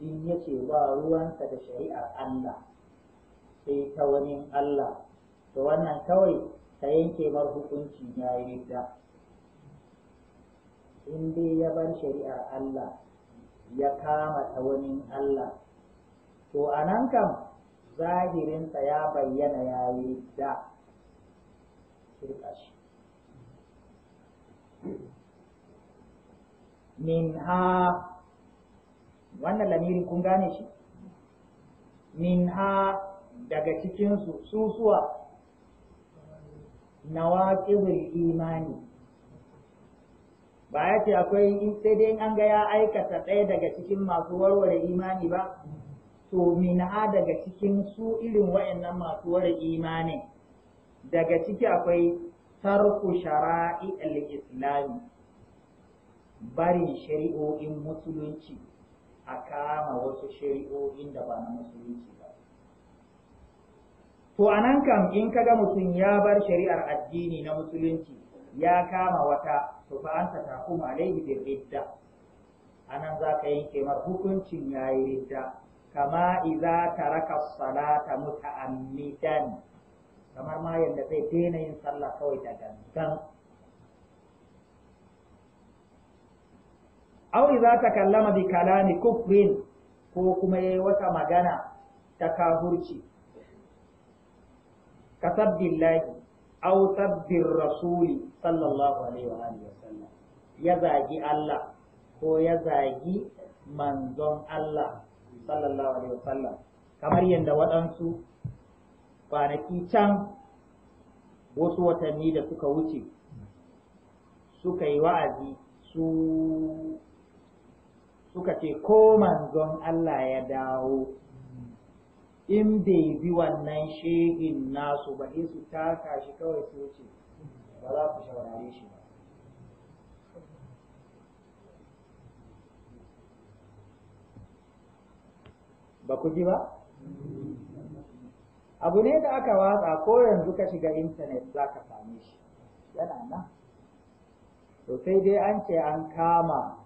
[SPEAKER 1] in yace ba ruwansa da shari'ar Allah sai ta wani Allah to wannan kawai ta yanke mar hukunci ya yi ridda in dai ya bar shari'ar Allah ya kama tsawonin Allah to a nan kam zahirinsa ya bayyana ya yi da shirka shi min ha wannan lamirin kun gane shi min ha daga cikinsu susuwa na imani ba ya ce akwai in sai dai an ga ya aikata ɗaya daga cikin masu warware imani ba to mina daga cikin su irin waannan masu warware imani daga ciki akwai tarku shara'i al-islami bari shari'o'in musulunci a kama wasu shari'o'in da ba na musulunci ba to anan kam in kaga mutum ya bar shari'ar addini na musulunci ya kama wata to fa ta taqum alaihi bil ridda anan za ka yanke mar hukuncin yayi ridda kama idza taraka salata muta'ammidan kamar ma yanda zai daina yin sallah kawai da gangan aw idza takallama bi kalami kufrin ko kuma yayi wata magana ta kafurci kasabbillahi aw sabbin rasuli sallallahu alaihi wa alihi wasallam ya zagi Allah ko ya zagi manzon Allah sallallahu alaihi wasallam kamar yadda waɗansu faraki can wasu watanni da suka wuce suka yi wa'azi su suka ce ko manzon Allah ya dawo in bai bi wannan shegin nasu ba in su taka shi kawai su wuce ba za ku shaurare shi ba ba ku ji ba abu ne da aka watsa ko yanzu ka shiga intanet za ka same shi yana nan to sai dai an ce an kama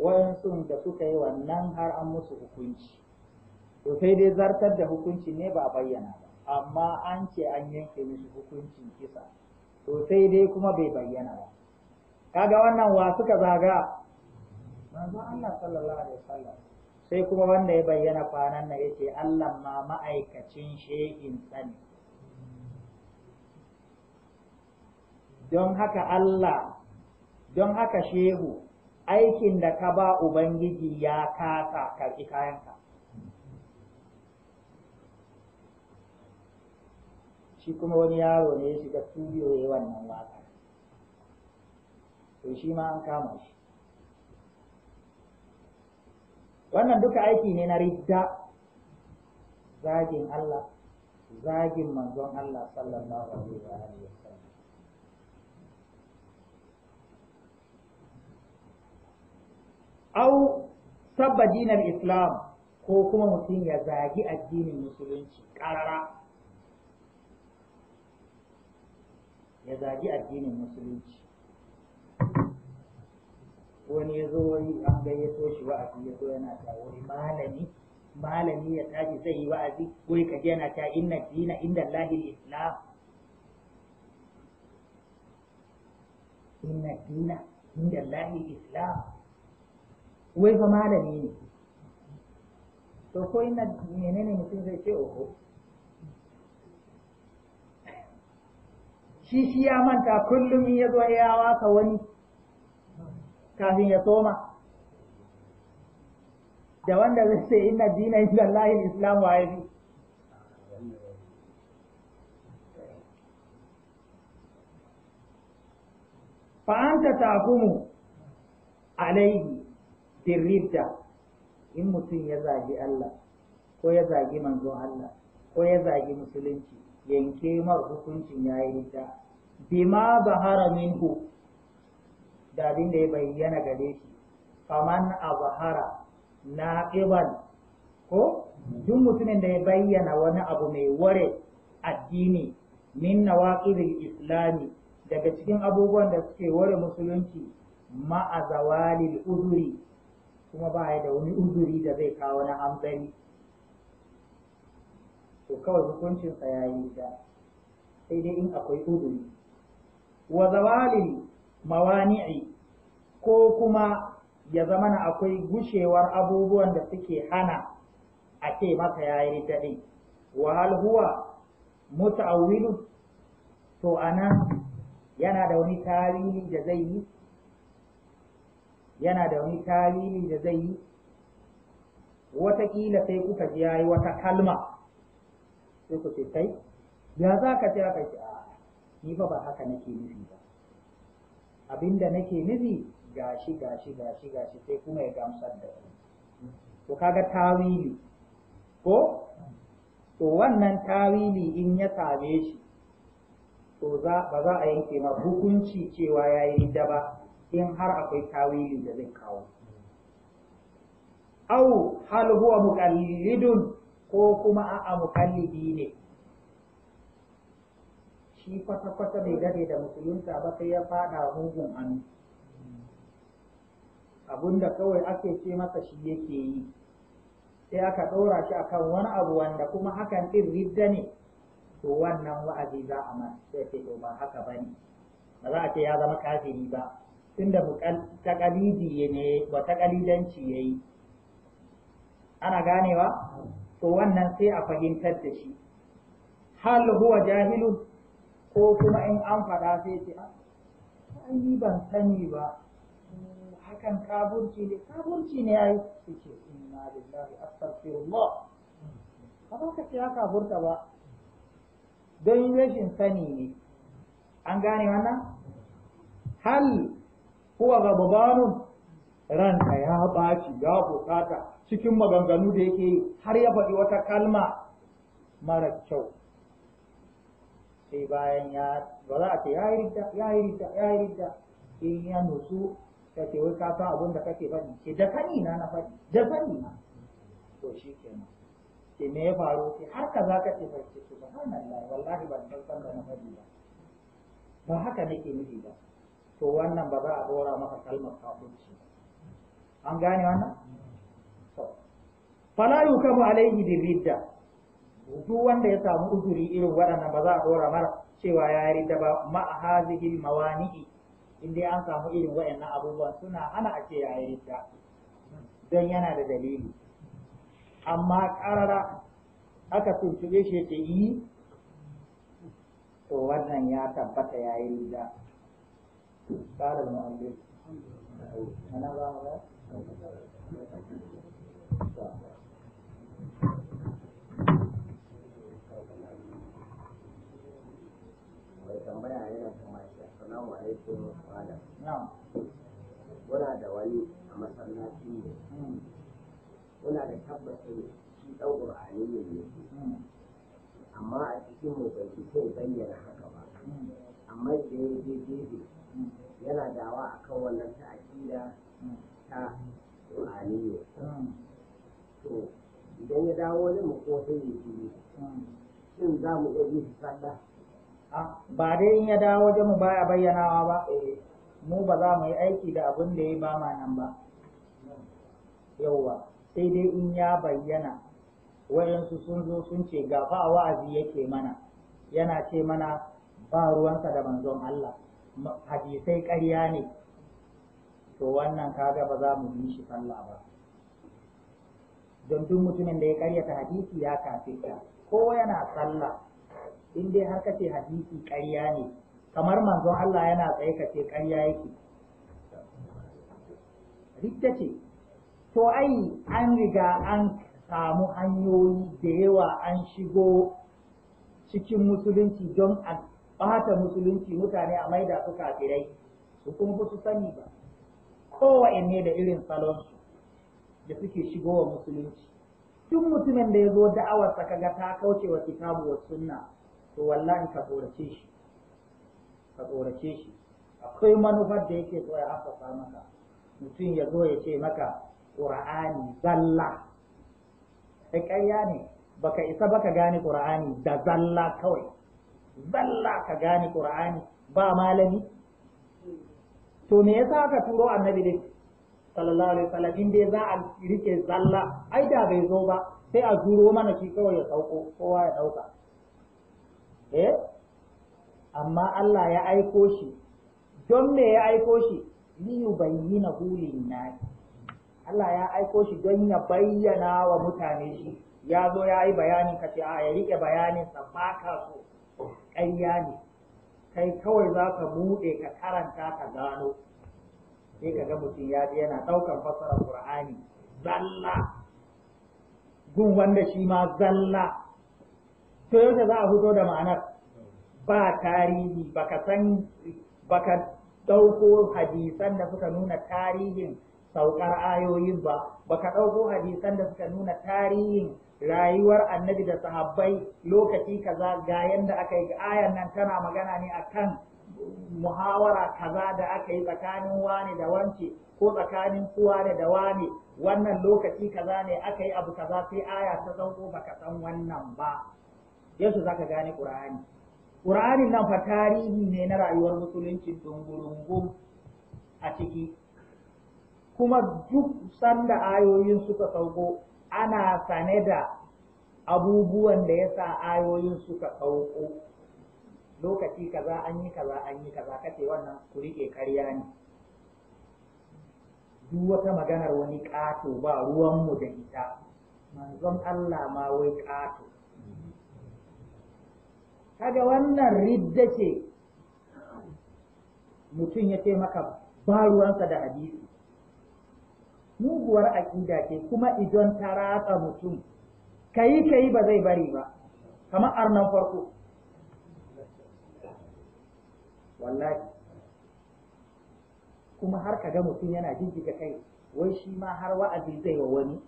[SPEAKER 1] wayansu da suka yi wannan har an musu hukunci to sai dai zartar da hukunci ne ba a bayyana ba amma an ce an yanke mishi hukuncin kisa to sai dai kuma bai bayyana ba kaga wannan wa suka zaga manzo Allah sallallahu alaihi wasallam sai kuma wanda ya bayyana kwanan nan yace Allah ma ma'aikacin shehin sani don haka Allah don haka shehu aikin da ka ba Ubangiji ya kasa karki kayanka shi kuma wani yaro ne ya shiga studio ya wannan waka to shi ma an kama shi wannan duka aiki ne na ridda zagin Allah zagin manzon Allah sallallahu alaihi wa alihi au sabba dinar islam ko kuma mutum ya zagi addinin musulunci ƙarara ya zagi addinin musulunci wani ya zo wani an gayyato shi wa'azi ya zo yana ta wuri malami malami ya tashi zai yi wa'azi wai ka ji yana ta inna dina inda lahi islam inna dina inda lahi islam wai fa malami ne to ko inna menene mutum zai ce oho shi shi ya manta kullum ya zo ya wasa wani kafin ya soma da wanda zai ce inna dina inda Allah islam wa yafi fa anta taqumu alaihi birridda in mutum ya zagi Allah ko ya zagi manzon Allah ko ya zagi musulunci yanke mar hukuncin ya yi bima bahara minhu da abin da ya bayyana gare shi faman azhara naqiban ko duk mutumin da ya bayyana wani abu mai ware addini min nawaqibil islami daga cikin abubuwan da suke ware musulunci ma'a zawalil uzuri kuma ba da wani uzuri da zai kawo na hanzari to kawai hukuncin sa yi da sai dai in akwai uduri wa zawalil mawani'i ko kuma ya zama na akwai gushewar abubuwan da suke hana a ce masa yayi daɗi wa hal huwa to ana yana da wani tarihi da zai yi yana da wani tarihi da zai yi wataƙila sai kuka ji yayi wata kalma sai ku ce kai ya za ka ce haka ki a ni fa ba haka nake nufi ba abinda nake nufi gashi gashi gashi gashi sai kuma ya gamsar da ku to kaga tawili ko to wannan tawili in ya same shi to za ba za a yanke ma hukunci cewa yayi yi ridda ba in har akwai tawili da zai kawo au hal huwa muqallidun ko kuma a'a mukallidi ne shi kwata-kwata bai dade da musulunta ba sai ya fada mugun hannu abinda kawai ake ce masa shi yake yi sai aka ɗora shi akan wani abu wanda kuma hakan ɗin ridda ne to wannan wa'azi za a ma sai ce to ba haka ba ne ba za a ce ya zama kafiri ba tunda takalidi ne ba takalidanci ya yi ana ganewa to wannan sai a fahimtar da shi hal huwa jahilu. ko kuma in an faɗa sai ce yi ah, ban sani ba hakan kaburci ne kaburci ne ai suke inna lillahi astaghfirullah ba ba ka ce haka burta ba don rashin sani ne an gane wannan hal huwa gababanun ranka ya baci ya bukata cikin maganganu da yake yi har ya faɗi wata kalma mara kyau sai bayan ya ba za a ce ya yi ridda ya yi ridda ya yi ridda in ya nutsu ka ce wai ka san abin da kake faɗi ke da sani na na faɗi da sani na to shi kenan ce me ya faru ce har ka za ka ce farce subhanallah wallahi ban san san da na faɗi ba ba haka nake nufi ba to wannan ba za a dora maka kalmar kafirci ba an gane wannan fala yukabu alaihi bi ridda duk wanda ya samu uzuri irin waɗannan ba za a dora mara cewa ya yi ridda ba ma hazihi mawani'i inda an samu irin waɗannan abubuwan suna hana a ce ya yi ridda don yana da dalili amma ƙarara aka tuntube shi ta yi to wannan ya tabbata ya yi ridda قال المؤلف أنا بقى Mai tambaya yana kama shi assalamu alaikum malam muna da wani a masallaci ne hmm. muna da tabbacin shi ɗan ƙur'ani ne hmm. amma a cikin mu bai isa ya bayyana haka ba hmm. amma da ya je yana dawa akan wannan ta'akida ta to idan ya dawo sai ya shin za mu yi ba dai in ya dawo je mu baya bayyanawa ba eh. mu ba za mu yi aiki da abin da ya ba ma nan ba yauwa sai dai in ya bayyana wayansu sun zo sun ce gafa a wa'azi yake mana yana ce mana ba ruwansa da manzon Allah hadisai ƙarya ne to wannan kaga ba za mu yi shi sallah ba don duk mutumin da ya karyata hadisi ya kafirta ko yana sallah in dai har kace hadisi ƙarya ne kamar manzon Allah yana tsaye kace ƙarya yake ridda ce to ai an riga an samu hanyoyi da yawa an shigo cikin musulunci don a ɓata musulunci mutane a maida su kafirai su kuma ba sani ba kowanne da irin salonsu da suke shigo wa musulunci tun mutumin da ya zo da'awarsa kaga ta kauce wa kitabu wa sunna to wallahi ka tsorace shi ka tsorace shi akwai manufar da yake so ya haskaka maka mutum ya zo ya ce maka qur'ani zalla sai ƙarya ne baka isa ba ka gane qur'ani da zalla kawai zalla ka gane qur'ani ba malami to me yasa aka turo annabi ne sallallahu alaihi wasallam in dai za a rike zalla ai da bai zo ba sai a turo mana shi kawai ya sauko kowa ya dauka eh amma Allah ya aiko shi don me ya aiko shi li yubayyina hulin nas Allah ya aiko shi don ya bayyana wa mutane shi ya zo ya yi bayani kace a ya rike bayanin sa baka so ƙarya ne kai kawai za ka buɗe ka karanta ka gano sai ka ga mutum ya ji yana ɗaukar fasara Qur'ani zalla gun wanda shi ma zalla to yadda za a fito da ma'anar ba tarihi baka san baka ɗauko hadisan da suka nuna tarihin saukar ayoyin ba baka ɗauko hadisan da suka nuna tarihin rayuwar annabi da sahabbai lokaci kaza ga yanda aka yi ayan nan tana magana ne a kan muhawara kaza da aka yi tsakanin wani da wance ko tsakanin kowa da wani wannan lokaci kaza ne aka yi abu kaza sai aya ta zanko baka san wannan ba yanzu zaka gane qur'ani Ƙur'ani nan fa tarihi ne na rayuwar musulunci dungurungum a ciki kuma duk sanda ayoyin suka sauko ana sane da abubuwan da ya sa ayoyin suka sauko lokaci kaza an yi kaza an yi kaza kace wannan ku rike kariya ne duk wata maganar wani ƙato ba ruwanmu da ita manzon Allah ma wai ƙato kaga wannan riddace, ce mutum ya ce maka ba ruwansa da hadisi muguwar aƙida ce kuma idan ta ratsa mutum kayi kayi ba zai bari ba kamar arnan farko wallahi kuma har ka ga mutum yana jijjiga kai wai shi ma har wa'azi zai wa wani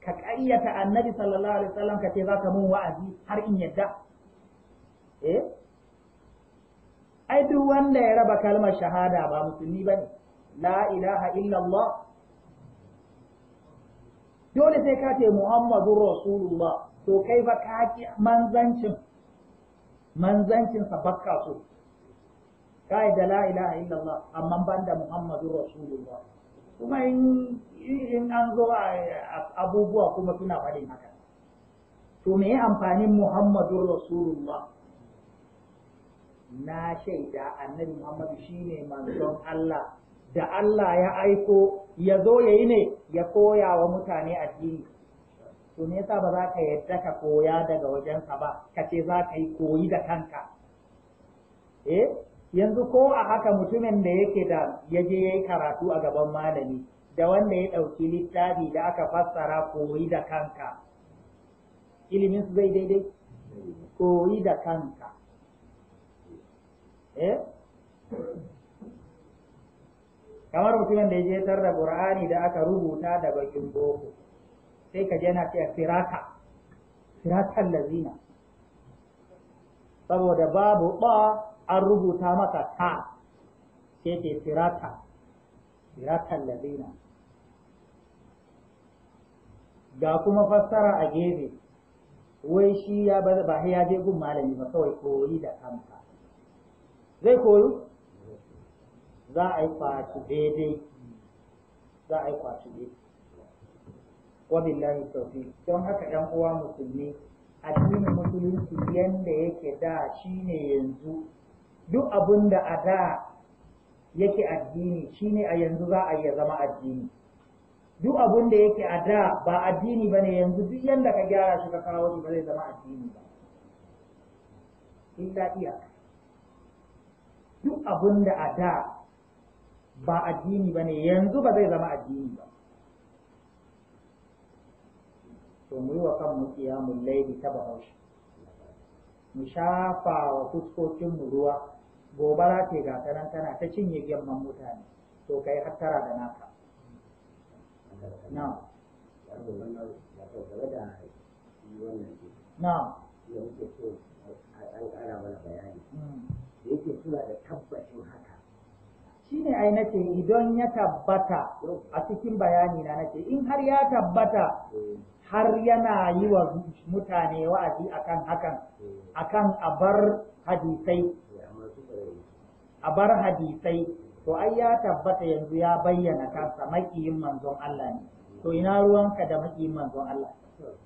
[SPEAKER 1] ka ƙayyata annabi sallallahu alaihi wasallam ka ce za ka mun wa'azi har in yadda eh ai duk wanda ya raba kalmar shahada ba musulmi bane la ilaha illallah dole sai ka ce Muhammadu Rasulullah to kai fa ka ki manzancin manzancin sa bakka so kai da la ilaha illallah amma ban da Muhammadu Rasulullah kuma in an zo abubuwa kuma suna faɗin haka to me amfanin Muhammadu Rasulullah na shaida annabi Muhammadu shine manzon Allah da Allah ya aiko ya zo ya yi ne ya koya wa mutane addini to me yasa ba za ka yadda ka koya daga wajensa ba ka ce za ka yi koyi da kanka eh yanzu ko a haka mutumin da yake da ya je ya yi karatu a gaban malami da wanda ya ɗauki littafi da aka fassara koyi da kanka ilimin su zai daidai koyi da kanka eh kamar mutumin da ya je tar da qur'ani da aka rubuta da bakin boko sai ka je na ce firata firatan lazina saboda babu ba an rubuta maka ta sai ce firata firatan lazina ga kuma fassara a gefe wai shi ya ba ya je gun malami ba kawai koyi da kanka zai koyu za a yi kwaci daidai za a yi kwaci daidai wabillahi tawfiq don haka ɗan uwa musulmi addinin musulunci yanda yake da shine yanzu duk abin da a da yake addini shine a yanzu za a iya zama addini duk abin da yake a da ba addini bane yanzu duk yanda ka gyara shi ka kawo shi ba zai zama addini ba illa iya duk abin da a da ba addini ba ne yanzu ba zai zama addini ba to mu yi wa kanmu kiyamun laifi ta bahaushe mu shafa wa fuskokinmu ruwa gobara ce ga nan tana ta cinye gemman mutane to kai hattara da naka na na mm. yake suna da tabbacin haka shine ai nace idan ya tabbata a cikin bayani na nace in har ya tabbata har yana yi wa mutane wa'azi akan hakan akan abar hadisai abar hadisai to ai ya tabbata yanzu ya bayyana kansa makiyin manzon Allah ne to ina ruwanka da makiyin manzon Allah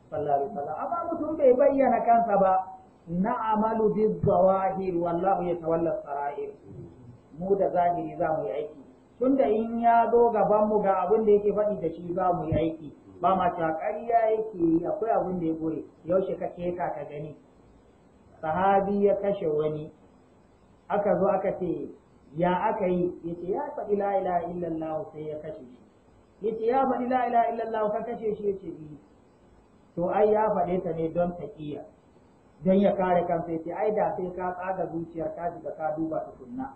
[SPEAKER 1] sallallahu alaihi wasallam amma mutum bai bayyana kansa ba na amalu bi zawahir wallahu yatawalla sarair mu da zahiri za mu yi aiki tun da in ya zo gaban mu ga abin da yake faɗi da shi za mu yi aiki ba ma cewa ya yake yi akwai abin da ya gore yaushe ka keka ka gani sahabi ya kashe wani aka zo aka ce ya aka yi ya ce ya faɗi la ilaha illallah sai ya kashe shi ya ce ya faɗi la ilaha illallah ka kashe shi ya ce to ai ya faɗe ta ne don taƙiya don ya kare kansa ya ce ai da sai ka tsaga zuciyar ka shiga ka duba tukunna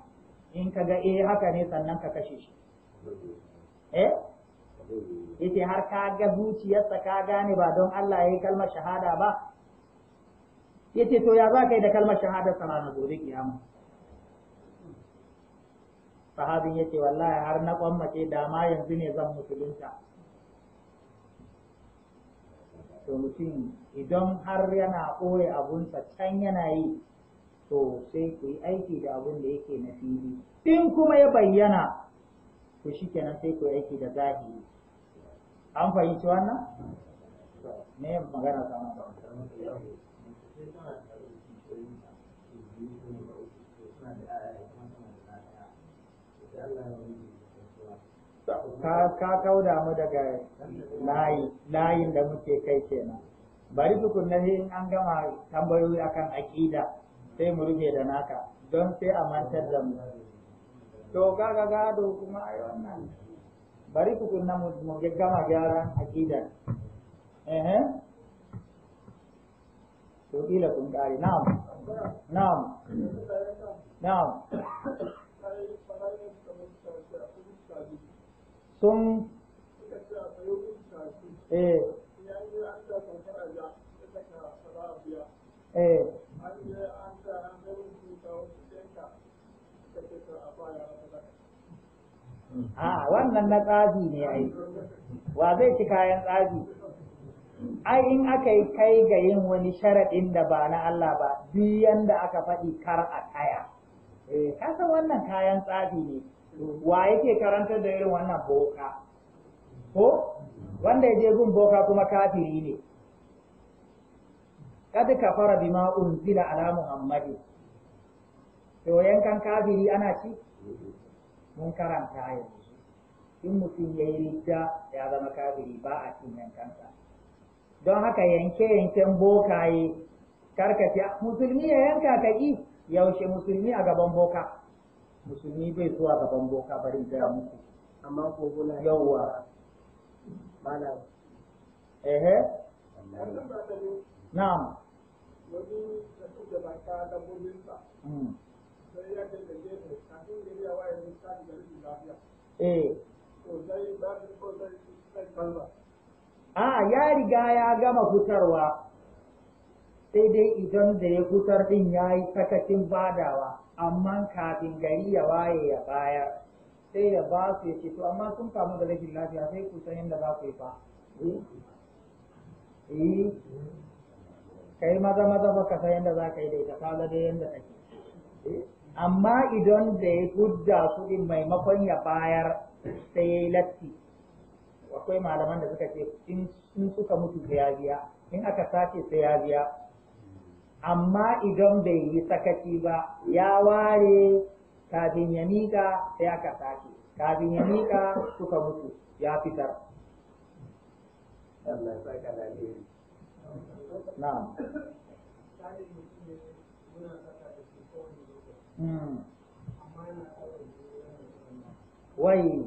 [SPEAKER 1] in ka ga eh haka ne sannan ka kashe shi eh yace har ka ga zuciyarsa ka gane ba don Allah yayi kalmar shahada ba yace to ya za yi da kalmar shahada sana ranar gobe kiyama sahabin yace wallahi har na kwammace da ma yanzu ne zan musulunta to mutum idan har yana ɓoye abunsa can yana yi to sai ku yi aiki da abin da yake na fili in kuma ya bayyana to shi kenan sai ku yi aiki da zahiri an fahimci wannan ne magana sama da ka kauda mu daga layin da muke kai kenan bari tukunna sai in an gama tambayoyi akan aƙida sai mu rufe da naka don sai a mantar da mu to kaga gado kuma ai wannan bari ku kunna mu gama gyara aqida eh to ila kun kare na'am na'am na'am sun eh eh a wannan na tsafi ne ai wa zai ci kayan tsazi ai in aka yi kai ga yin wani sharaɗin da ba na Allah ba duk yanda aka faɗi kar a kaya eh kasa wannan kayan tsazi ne wa yake karantar da irin wannan boka ko wanda ya je gun boka kuma kafiri ne kad fara bima unzila ala muhammadin to yankan kafiri ana ci mun karanta yanzu in mutum ya yi ridda ya zama kafiri ba a cin yankansa don haka yanke yanken bokaye karkace musulmi ya yanka ka ƙi yaushe musulmi a gaban boka musulmi bai zuwa gaban boka bari ga muku amma ko gona yawa mana ehe na'am wani da dabbobinsa eh a ya riga ya gama fitarwa sai dai idan da ya fitar din ya yi sakacin badawa amma kafin gari ya waye ya bayar sai ya ba su ya ce to amma sun kamu da rashin lafiya sai ku san yadda za ku yi fa eh, eh. kai maza maza ba ka san yadda za ka yi da ita ka ga dai yadda take eh. amma idan da ya gudda su din maimakon ya bayar sai ya yi latti akwai malaman da suka ce in suka mutu sai ya biya in aka sace sai ya biya amma idan bai yi sakaci ba ya ware kafin ya miƙa sai aka sace kafin ya miƙa suka mutu ya fitar na'am wai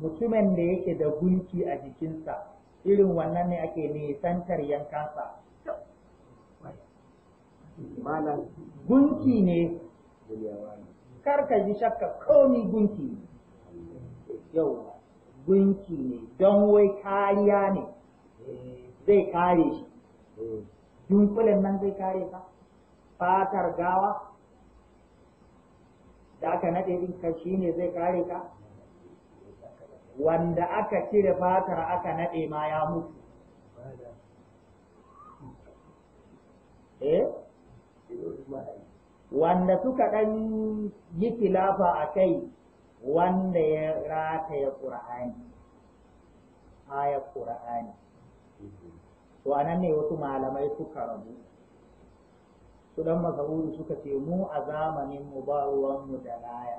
[SPEAKER 1] mutumin da yake da gunki a jikinsa irin wannan ne ake nisantar yankansa gunki ne karka ji shakka komi gunki ne yau gunki ne don wai kariya ne zai kare shi dunkulin nan zai kare ka fatar gawa da aka naɗe ɗin ka shi ne zai kare ka wanda aka cire fatar aka naɗe ma ya mutu eh? wanda suka ɗan yi filafa a kai wanda ya rataya ƙur'ani ayar ƙur'ani to anan ne wasu malamai suka rabu su dan masauri suka ce mu a zamanin mu ba ruwan mu da laya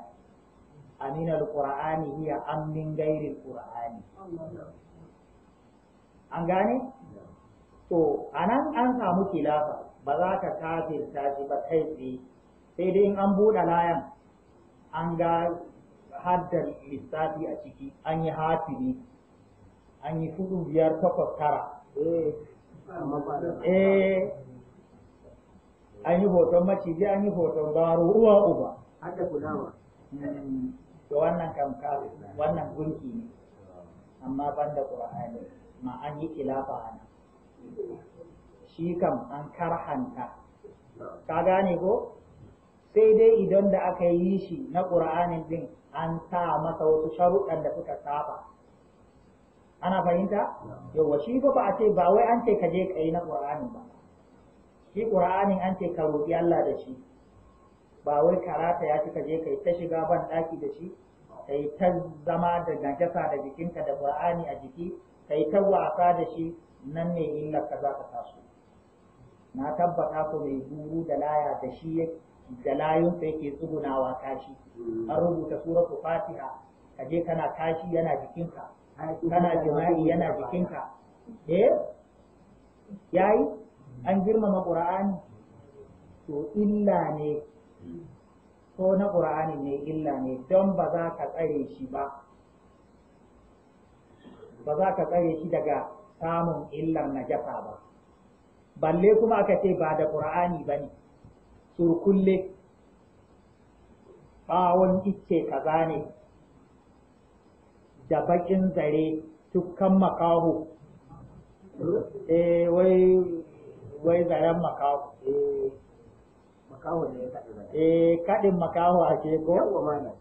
[SPEAKER 1] amin alqur'ani hiya amin gairi alqur'ani an gane to anan an samu kilafa ba za ka ta shi ba kai tsaye sai dai in an buɗe layan an ga haddar lissafi a ciki an yi hatimi an yi hudu biyar takwas tara eh an yi hoton maciji an yi hoton baro uwa uba hadda mm. to wannan kam wannan gunki ne amma ban da qur'ani ma an yi khilafa ana shi kam an karhanta ka gane ko sai dai idan da aka yi shi na qur'anin din an sa masa wasu sharuɗan da suka saba ana fahimta yawa shi ba a ce ba wai an ce ka je ka yi na ƙur'ani ba shi qur'anin an ce ka roƙi Allah da shi ba wai karata ya ka je kai ta shiga ban ɗaki da shi yi ta zama da najasa da jikinka da qur'ani a jiki kai ta wasa da shi nan ne illar ka za ka taso na tabbata ko mai guru da laya da shi da layunsa yake tsugunawa kashi hmm. an rubuta suratul fatiha ka je kana kashi yana jikinka kana jima'i yana jikinka eh yayi an girmama ƙura'ani to illa ne ko na ƙura'ani ne illa ne don ba za ka tsare shi ba ba za ka tsare shi daga samun illar najasa ba balle kuma aka ce ba da ƙura'ani ba ne surkulle ɓawon icce kaza ne da baƙin zare tukkan makaho eh wai wai zaren makaho eh, ne ya kaɗi ba eh kaɗin makaho a ke ko yawa mana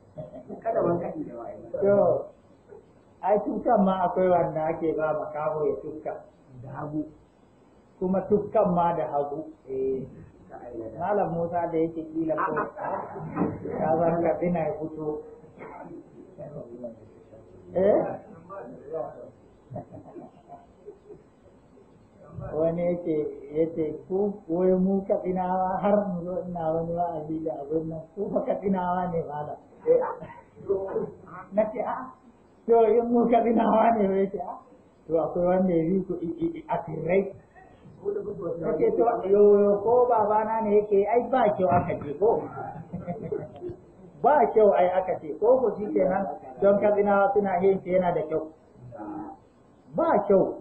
[SPEAKER 1] kada man kaɗi da to ai tukan ma akwai wanda ake ba makaho ya tukka da hagu kuma tukkan ma da hagu eh malam Musa da yake kila ko ka san ka dina ya fito eh wani yake yake ku wai mu katsinawa har mu zo ina wani wa'azi da abin nan ku ka katsinawa ne ba eh. na ce a ah, to in mu katsinawa ne wai ce a to akwai wanda ya yi ku a tirai Kake to yoyo ko babana ne yake ai ba kyau aka ce ko ba kyau ai aka ce ko ku shi kenan don katsinawa suna yin yana da kyau ba kyau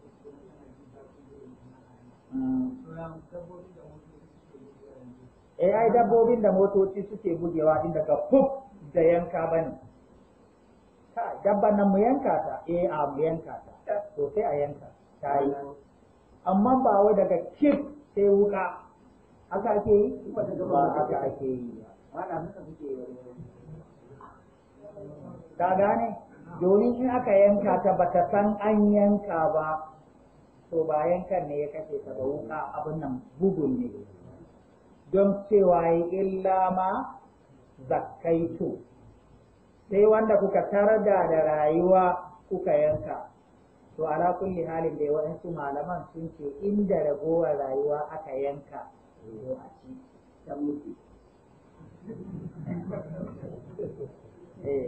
[SPEAKER 1] eh ai dabbobin da motoci suke bugewa inda ga fuf da yanka bane ka dabban nan mu yanka ta eh a mu yanka ta to sai a yanka ta yi amma ba wai daga kif sai wuka haka ake yi ba haka ake yi Ta gane domin in aka yanka ta ta san an yanka ba to bayan kan ne ya kashe ta ba wuka abin nan bugun ne don cewa yi illa ma zakaitu sai wanda kuka tarda da rayuwa kuka yanka to ala kulli halin da waɗansu malaman sun ce inda ragowar rayuwa aka yanka to a ci ta mutu eh,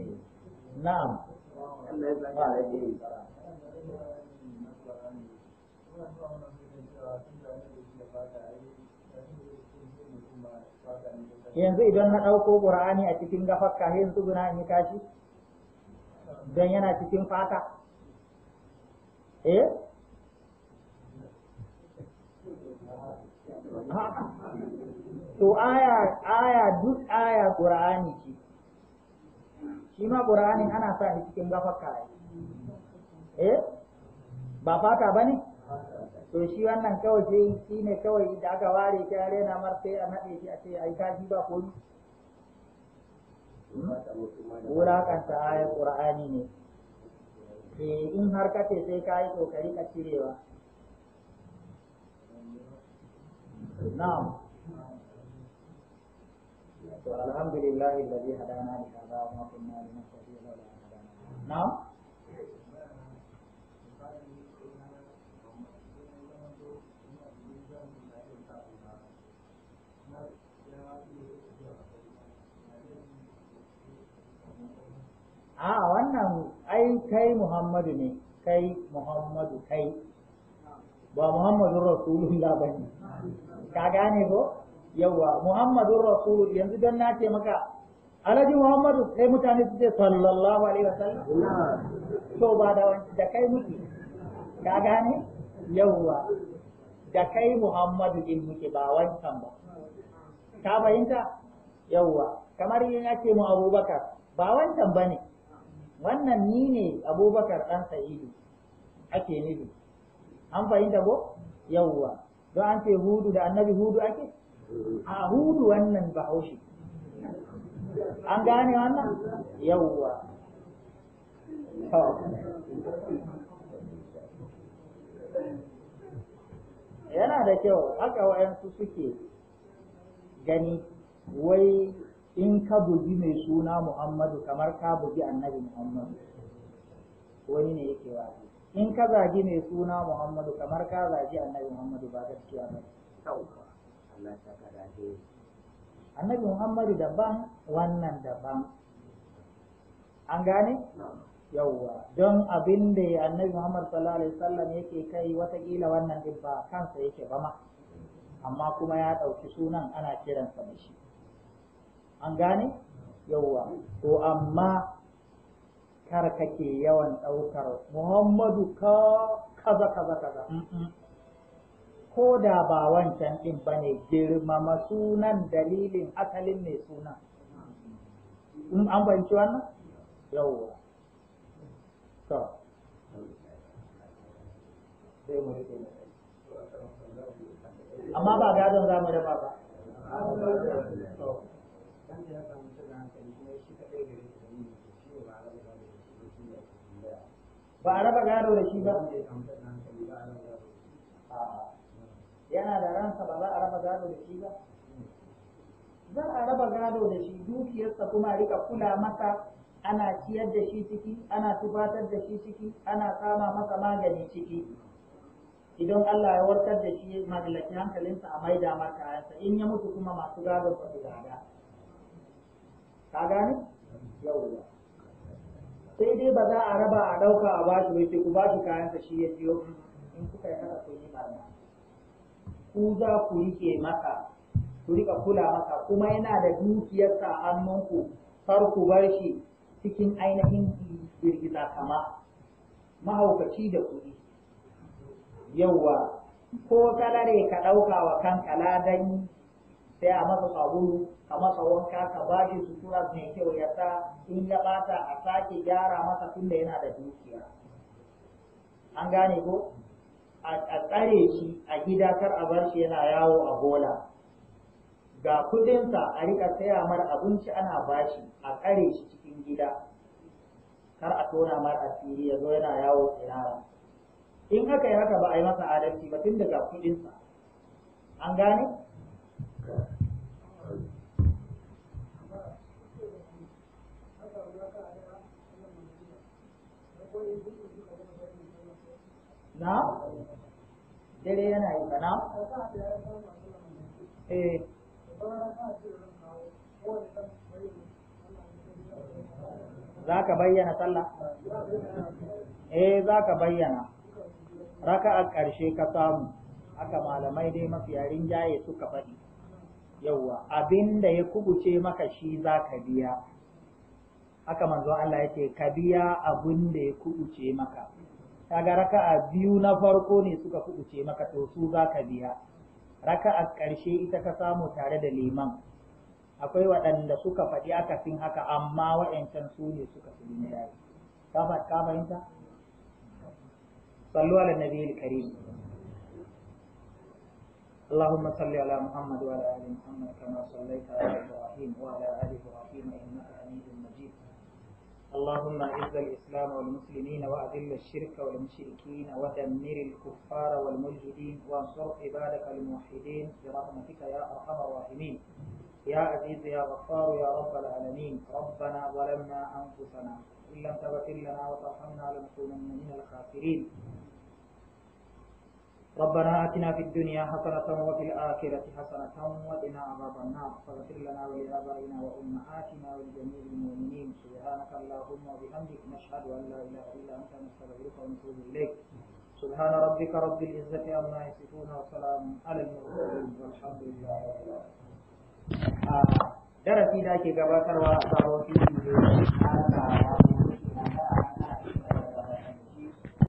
[SPEAKER 1] na'am Allah ya yanzu idan na ɗauko ƙur'ani a cikin gafakka yanzu guna in kashi don yana cikin fata eh to aya duk aya ƙur'ani ce shi ma ƙura'ani ana sa shi cikin gafakka eh ba fata ba ne to shi wannan kawai sai shi ne kawai da aka ware shi a rena mar a naɗe shi a ce ai kashi ba komi hmm? wulaƙanta ayar ƙur'ani ne eh, in har ka ce sai ka yi ƙoƙari ka cirewa na'am to alhamdulillahi alladhi hadana li hadha wa ma kunna linahtadiya lawla an hadana na'am a wannan ai kai muhammadu ne kai muhammadu kai ba muhammadu rasulullah ba ne ka gane ko yawa muhammadu rasul yanzu don na ce maka alhaji muhammadu sai mutane su ce sallallahu alaihi wasallam to ba da da kai muke ka gane yawa da kai muhammadu din muke ba wancan ba ka fahimta yawa kamar yin ake mu abubakar ba wancan ba ne wannan ni ne abubakar ɗan sa'idu ake nufi an fahimta ko yawwa don an ce hudu da annabi hudu ake a hudu wannan bahaushe an gane wannan yawwa yana da kyau haka wa'yansu suke gani wai in ka bugi mai suna Muhammadu kamar ka bugi annabi Muhammadu wani ne yake wa in ka zagi mai suna Muhammadu kamar ka zagi annabi Muhammadu ba gaskiya ba annabi Muhammadu daban wannan daban an gane yawwa don abin da annabi Muhammad sallallahu alaihi wasallam yake kai watakila wannan din ba kansa yake ba ma amma kuma ya ɗauki sunan ana kiransa da shi an gane yawwa to amma kar kake yawan ɗaukar muhammadu ka kaza kaza kaza ko da ba wancan ɗin bane ne girmama sunan dalilin asalin mai suna. in mm, an banci wannan yawwa to amma ba gadon zamu dafa ba ba a raba gado da shi ba yana da ransa ba za a raba gado da shi ba za a raba gado da shi dukiyarsa kuma rika kula masa ana ciyar da shi ciki ana tubatar da shi ciki ana kama masa magani ciki idan Allah ya warkar da shi mallaki hankalinsa a maida masa in ya mutu kuma masu gado ba su gada ka gane yawwa sai dai ba za a raba a ɗauka a bashi ba sai ku bashi kayan ka shi ya siyo in kuka yi haka kun yi barna ku za ku rike maka ku rika kula maka kuma yana da dukiyar a hannunku kar ku bar shi cikin ainihin girgiza kama mahaukaci da kuɗi yawwa ko kalare ka ɗauka wa kanka ladan sai a masa sabulu a masa wanka ka ba shi sutura mai kyau ya sa in ya bata a sake gyara masa da yana da dukiya an gane ko a tsare shi a gida kar a bar shi yana yawo a bola ga kudinsa a rika saya mar abinci ana bashi a tsare shi cikin gida kar a tona mar asiri ya zo yana yawo tsirara in haka yi haka ba a yi masa adalci ba tun daga kudinsa an gane na dare yana yi kana eh. za ka bayyana sallah eh za ka bayyana raka a ƙarshe ka samu haka malamai dai mafiya rinjaye suka faɗi yawwa da ya kubuce maka shi za biya haka manzo Allah ya ce ka biya abin da ya kubuce maka kaga raka'a biyu na farko ne suka kubuce maka to su za ka biya raka'a ƙarshe ita ka samu tare da liman akwai waɗanda suka faɗi fin haka amma wa'yancan su ne suka fi dai ka fahimta sallu ala nabiyil karim اللهم صل على محمد وعلى ال محمد كما صليت على ابراهيم وعلى ال ابراهيم انك حميد مجيد اللهم اعز الاسلام والمسلمين واذل الشرك والمشركين ودمر الكفار والملحدين وانصر عبادك الموحدين برحمتك يا ارحم الراحمين يا عزيز يا غفار يا رب العالمين ربنا ظلمنا انفسنا ان لم تغفر لنا وترحمنا لنكونن من الخاسرين ربنا آتنا في الدنيا حسنة وفي الآخرة حسنة وقنا عذاب النار فاغفر لنا ولآبائنا وأمهاتنا ولجميع المؤمنين سبحانك اللهم وبحمدك نشهد أن لا إله إلا أنت نستغفرك ونتوب إليك سبحان ربك رب العزة عما يصفون وسلام على المرسلين والحمد لله رب العالمين آه، درسي ذاك gabatarwa a في هذا